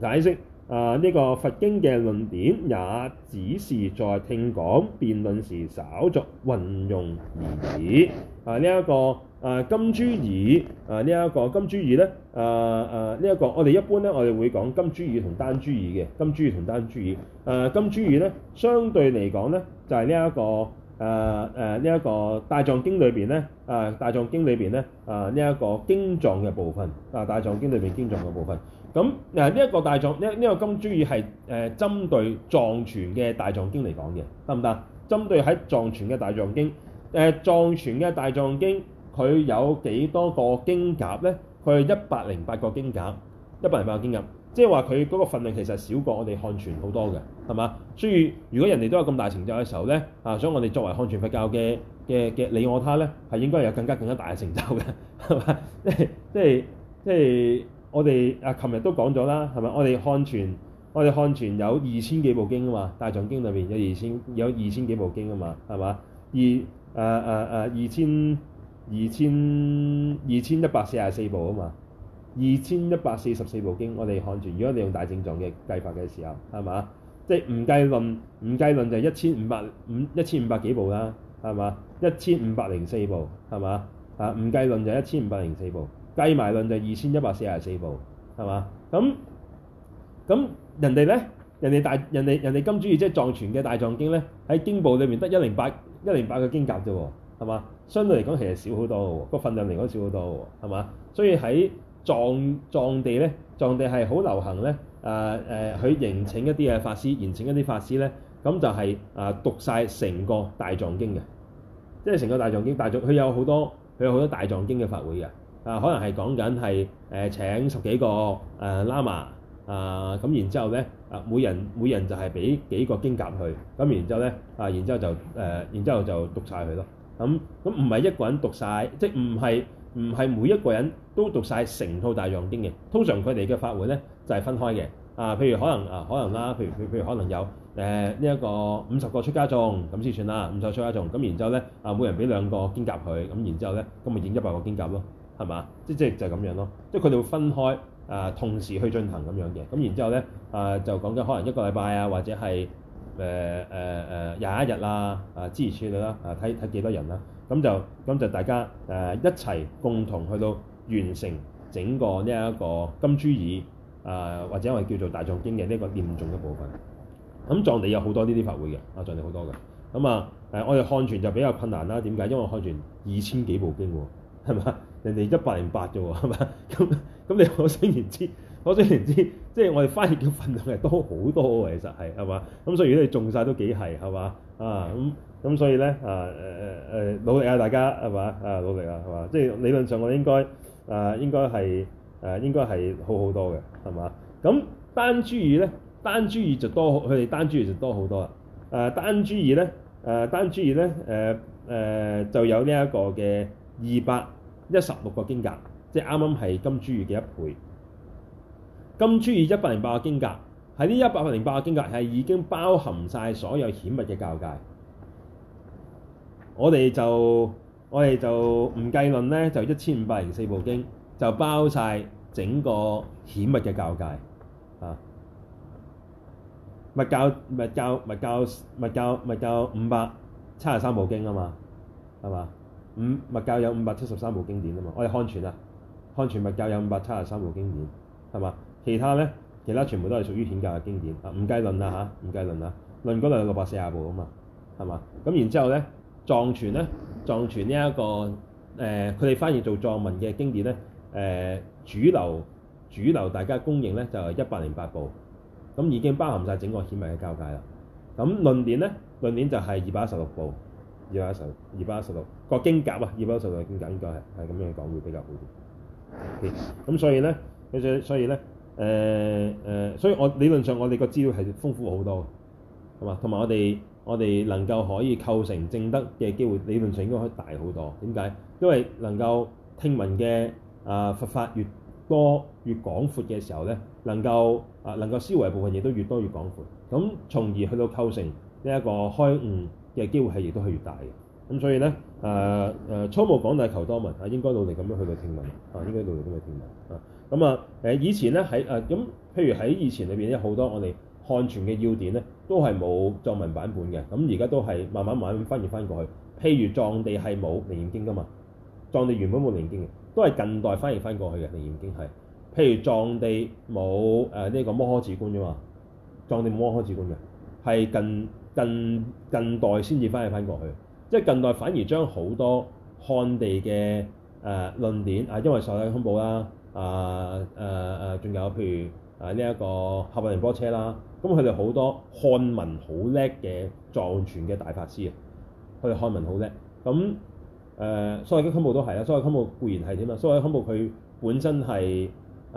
解釋啊呢個佛經嘅論點，也只是在聽講辯論時稍作運用而已。啊呢一個啊、呃、甘珠爾啊呢一個甘珠爾咧，啊啊呢一個我哋一般咧，我哋會講甘珠爾同丹珠爾嘅甘珠爾同丹珠爾。誒、呃、甘珠爾咧相對嚟講咧就係呢一個。誒誒呢一個大藏經裏邊咧，誒、呃、大藏經裏邊咧，誒呢一個經藏嘅部分，啊、呃這個大，這個呃、大藏經裏邊經藏嘅部分。咁誒呢一個大藏呢呢個甘珠爾係誒針對藏傳嘅大藏經嚟講嘅，得唔得？針對喺藏傳嘅大藏經，誒、呃、藏傳嘅大藏經，佢有幾多個經夾咧？佢係一百零八個經夾，一百零八個經夾，即係話佢嗰個份量其實少過我哋漢傳好多嘅。係嘛？所以如果人哋都有咁大成就嘅時候咧，啊，所以我哋作為漢傳佛教嘅嘅嘅你我他咧，係應該有更加更加大嘅成就嘅，係嘛？即係即係即係我哋啊，琴日都講咗啦，係咪？我哋漢傳，我哋漢傳有二千幾部經啊嘛，《大藏經》裏邊有二千有二千幾部經啊嘛，係嘛？二啊啊啊二千二千二千一百四十四部啊嘛，二千一百四十四部經，我哋漢傳，如果你用大正藏嘅計法嘅時候，係嘛？即係唔計論，唔計論就一千五百五一千五百幾部啦，係嘛？一千五百零四部，係嘛？啊，唔計論就一千五百零四部，計埋論就二千一百四十四部，係嘛？咁咁人哋咧，人哋大人哋人哋甘珠爾即係藏傳嘅大藏經咧，喺經部裏面得一零八一零八個經夾啫喎，係嘛？相對嚟講其實少好多嘅喎，個份量嚟講少好多嘅喎，係嘛？所以喺藏藏地咧，藏地係好流行咧。誒誒，佢迎請一啲嘅法師，迎請一啲法師咧，咁就係、是、啊、呃、讀晒成個大藏經嘅，即係成個大藏經。大藏佢有好多，佢有好多大藏經嘅法會嘅啊、呃，可能係講緊係誒請十幾個誒喇嘛啊，咁、呃、然之後咧，啊每人每人就係俾幾個經夾佢，咁然之後咧啊，然之後就誒、呃，然之後就讀晒佢咯。咁咁唔係一個人讀晒，即係唔係唔係每一個人都讀晒成套大藏經嘅。通常佢哋嘅法會咧。就係分開嘅啊，譬如可能啊，可能啦，譬如譬如譬如可能有誒呢一個五十個出家眾咁先算啦，五十個出家眾咁，然之後咧啊，每人俾兩個經夾佢，咁然之後咧咁咪影一百個經夾咯，係嘛？即即就係咁樣咯，即係佢哋會分開啊，同時去進行咁樣嘅。咁、嗯、然之後咧啊，就講緊可能一個禮拜啊，或者係誒誒誒廿一日啊啊，之類啦啊，睇睇幾多人啦，咁就咁就大家誒、啊、一齊共同去到完成整個呢一個甘珠爾。誒或者係叫做大藏經嘅呢、這個嚴重嘅部分，咁藏地有好多呢啲法會嘅，啊藏地好多嘅，咁、嗯、啊誒我哋漢傳就比較困難啦，點解？因為漢傳二千幾部經喎，係嘛？人哋一百零八啫喎，係嘛？咁、嗯、咁、嗯、你可想而知，可想而知，即係我哋翻譯嘅份量係多好多嘅，其實係係嘛？咁、嗯、所以如果你中晒都幾係係嘛？啊咁咁、嗯嗯、所以咧啊誒誒誒努力啊大家係嘛？啊努力啊係嘛？即係理論上我哋應該啊應該係。誒應該係好好多嘅，係嘛？咁丹珠爾咧，丹珠爾就多，佢哋丹珠爾就多好多啦。誒、呃、丹珠爾咧，誒、呃、丹珠爾咧，誒、呃、誒、呃、就有呢一個嘅二百一十六個經格，即係啱啱係甘珠爾嘅一倍。甘珠爾一百零八個經格，喺呢一百零八個經格係已經包含晒所有顯密嘅教界。我哋就我哋就唔計論咧，就一千五百零四部經。就包晒整個顯密嘅教界啊！密教、密教、密教、密教、密教五百七十三部經啊嘛，係嘛？五密教有五百七十三部經典啊嘛，我哋漢傳啦，漢傳密教有五百七十三部經典係嘛？其他咧，其他全部都係屬於顯教嘅經典啊！唔計論啦嚇，唔、啊、計論啦，論嗰兩六百四十部啊嘛，係嘛？咁然之後咧，藏傳咧，藏傳呢藏傳一個誒，佢、呃、哋翻譯做藏文嘅經典咧。誒、呃、主流主流大家公認咧就係一百零八部，咁、嗯、已經包含晒整個顯密嘅交界啦。咁、嗯、論典咧論典就係二百一十六部，二百一十六二百一十六個經甲啊，二百一十六個經甲應該係係咁樣講會比較好啲。咁所以咧，所以呢所以咧，誒誒、呃呃，所以我理論上我哋個資料係豐富好多㗎，係嘛？同埋我哋我哋能夠可以構成正德嘅機會，理論上應該可以大好多。點解？因為能夠聽聞嘅。啊！佛法越多越廣闊嘅時候咧，能夠啊能夠思維部分嘢都越多越廣闊，咁、嗯、從而去到構成呢一個開悟嘅機會係亦都係越大嘅。咁、嗯、所以咧誒誒初步講大求多聞啊，應該努力咁樣去到聽聞啊，應該努力咁樣去聽聞啊。咁、嗯、啊誒以前咧喺誒咁譬如喺以前裏邊咧好多我哋漢傳嘅要點咧都係冇藏文版本嘅，咁而家都係慢慢慢慢翻譯翻過去。譬如藏地係冇《楞嚴經》噶嘛，藏地原本冇《楞嚴經》嘅。都係近代翻譯翻過去嘅，定已經係。譬如藏地冇誒呢一個摩訶止觀啫嘛，藏地冇摩訶止觀嘅，係近近近代先至翻譯翻過去。即係近代反而將好多漢地嘅誒、呃、論點啊，因為《三體通報》啦，啊誒誒，仲、啊啊、有譬如啊呢一、這個合運仁波切啦，咁佢哋好多漢文好叻嘅藏傳嘅大法師啊，佢哋漢文好叻，咁、嗯。誒所謂嘅康布都係啦，所謂康布固然係點啊？所謂康布佢本身係誒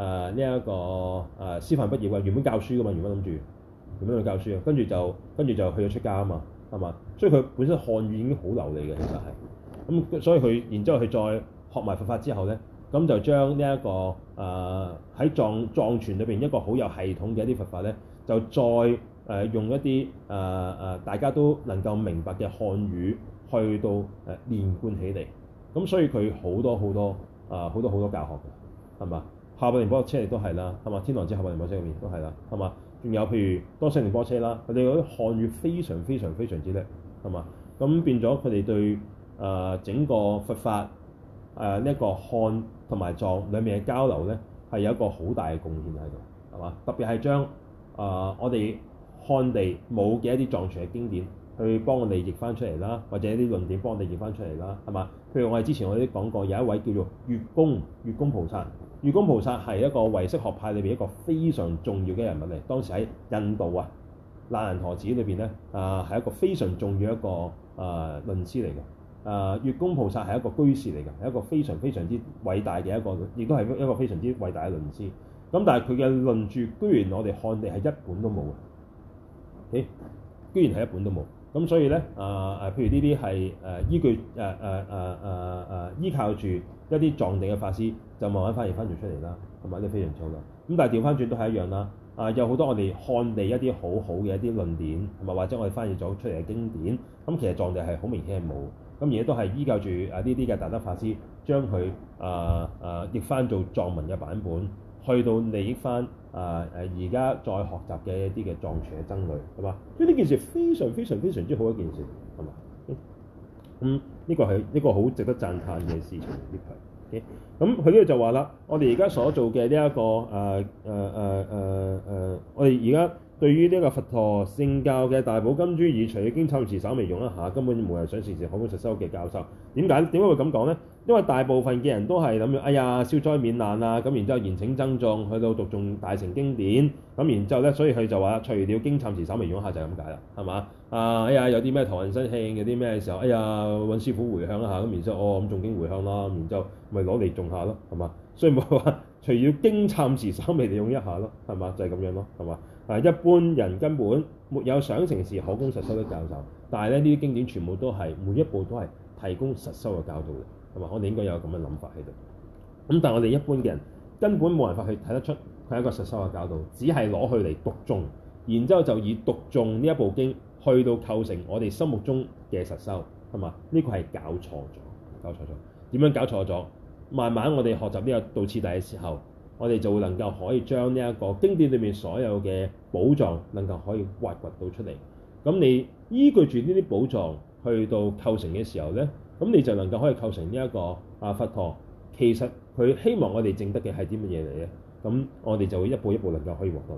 呢一個誒、呃呃、師範畢業嘅，原本教書嘅嘛，原本諗住原本去教書啊，跟住就跟住就去咗出家啊嘛，係嘛？所以佢本身漢語已經好流利嘅，其實係咁、嗯，所以佢然之後佢再學埋佛法之後咧，咁就將呢、這個呃、一個誒喺藏藏傳裏邊一個好有系統嘅一啲佛法咧，就再誒、呃、用一啲誒誒大家都能夠明白嘅漢語。去到誒連貫起嚟，咁所以佢好多好多啊，好、呃、多好多教學㗎，係嘛？夏布蓮波車亦都係啦，係嘛？天狼星夏布蓮波車入面都係啦，係嘛？仲有譬如多星年波車啦，佢哋嗰啲漢語非常非常非常之叻，係嘛？咁變咗佢哋對誒、呃、整個佛法誒呢一個漢同埋藏兩面嘅交流咧，係有一個好大嘅貢獻喺度，係嘛？特別係將誒、呃、我哋漢地冇嘅一啲藏傳嘅經典。去幫我哋譯翻出嚟啦，或者啲論點幫我哋譯翻出嚟啦，係嘛？譬如我係之前我哋講過有一位叫做月官，月官菩薩，月官菩薩係一個唯識學派裏邊一個非常重要嘅人物嚟。當時喺印度啊，那爛陀寺裏邊咧啊係一個非常重要一個啊、呃、論師嚟嘅。啊、呃、月官菩薩係一個居士嚟嘅，係一個非常非常之偉大嘅一個，亦都係一個非常之偉大嘅論師。咁但係佢嘅論著居然我哋漢地係一本都冇啊，嘿，居然係一本都冇。咁所以咧，啊、呃、啊，譬如呢啲係誒依據誒誒誒誒誒依靠住一啲藏地嘅法師，就慢慢翻譯翻轉出嚟啦，同埋啲非常粗略。咁但係調翻轉都係一樣啦。啊、呃，有好多我哋漢地一啲好好嘅一啲論典，同埋或者我哋翻譯咗出嚟嘅經典，咁其實藏地係好明顯係冇。咁而家都係依靠住啊呢啲嘅大德法師，將佢、呃、啊啊譯翻做藏文嘅版本。去到利益翻啊誒而家再學習嘅一啲嘅藏傳嘅僧侶，係嘛？所以呢件事非常非常非常之好一件事，係嘛？咁、嗯、呢、嗯這個係一個好值得讚歎嘅事情啲題。OK 咁佢呢就話啦，我哋而家所做嘅呢一個誒誒誒誒誒，我哋而家對於呢個佛陀聖教嘅大寶甘珠爾除已經經懺稍微用一下，根本冇人想時時海觀實修嘅教授，點解？點解會咁講咧？因為大部分嘅人都係咁樣，哎呀，消災免難啊，咁然之後後，延請僧眾，去到讀誦大乘經典，咁然之後咧，所以佢就話除了經懺時稍微用一下就係咁解啦，係嘛？啊，哎呀，有啲咩唐人生慶，有啲咩時候，哎呀揾師傅回向一下，咁然之後哦，咁仲經回向啦。然之後咪攞嚟種下咯，係嘛？所以冇好話除了經懺時稍微利用一下咯，係嘛？就係咁樣咯，係嘛？啊，一般人根本沒有想成事可供實修的教授，但係咧呢啲經典全部都係每一步都係提供實修嘅教導嘅。同埋，我哋應該有咁嘅諗法喺度。咁但係我哋一般嘅人根本冇辦法去睇得出，佢係一個實修嘅教導，只係攞去嚟讀中。然之後就以讀中呢一部經去到構成我哋心目中嘅實修，係嘛？呢個係搞錯咗，搞錯咗。點樣搞錯咗？慢慢我哋學習呢個道次第嘅時候，我哋就會能夠可以將呢一個經典裏面所有嘅寶藏能夠可以挖掘到出嚟。咁你依據住呢啲寶藏去到構成嘅時候咧？咁你就能夠可以構成呢一個啊，佛陀其實佢希望我哋證得嘅係啲乜嘢嚟咧？咁我哋就會一步一步能夠可以獲得。O、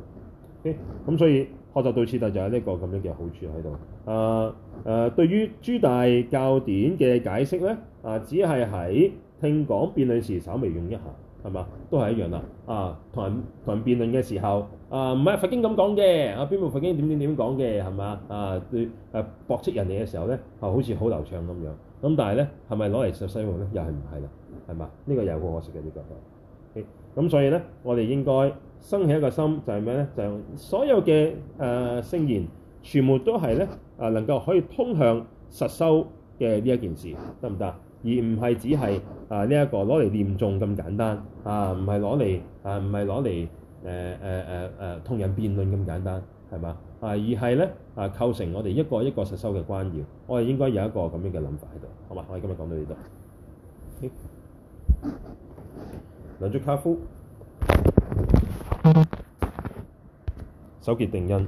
okay? 咁所以學習到次第就有呢個咁樣嘅好處喺度。啊誒、啊啊，對於諸大教典嘅解釋咧，啊只係喺聽講辯論時稍微用一下，係嘛都係一樣啦。啊，同人同人辯論嘅時候，啊唔係佛經咁講嘅，啊邊部佛經點點點講嘅係嘛？啊對誒、啊，駁斥人哋嘅時候咧，啊好似好流暢咁樣。咁但係咧，係咪攞嚟實修行咧？又係唔係啦？係嘛？呢、這個又可惜嘅呢角度。咁、這個 okay. 所以咧，我哋應該生起一個心，就係咩咧？就係、所有嘅誒聲言，全部都係咧誒能夠可以通向實修嘅呢一件事，得唔得？而唔係只係誒呢一個攞嚟念誦咁簡單啊，唔係攞嚟啊，唔係攞嚟誒誒誒誒同人辯論咁簡單，係、呃、嘛？啊！而係咧啊，構成我哋一個一個實修嘅關鍵，我哋應該有一個咁樣嘅諗法喺度，好嘛？我哋今日講到呢度。Okay? [noise] 兩隻卡夫，手結 [noise] 定印。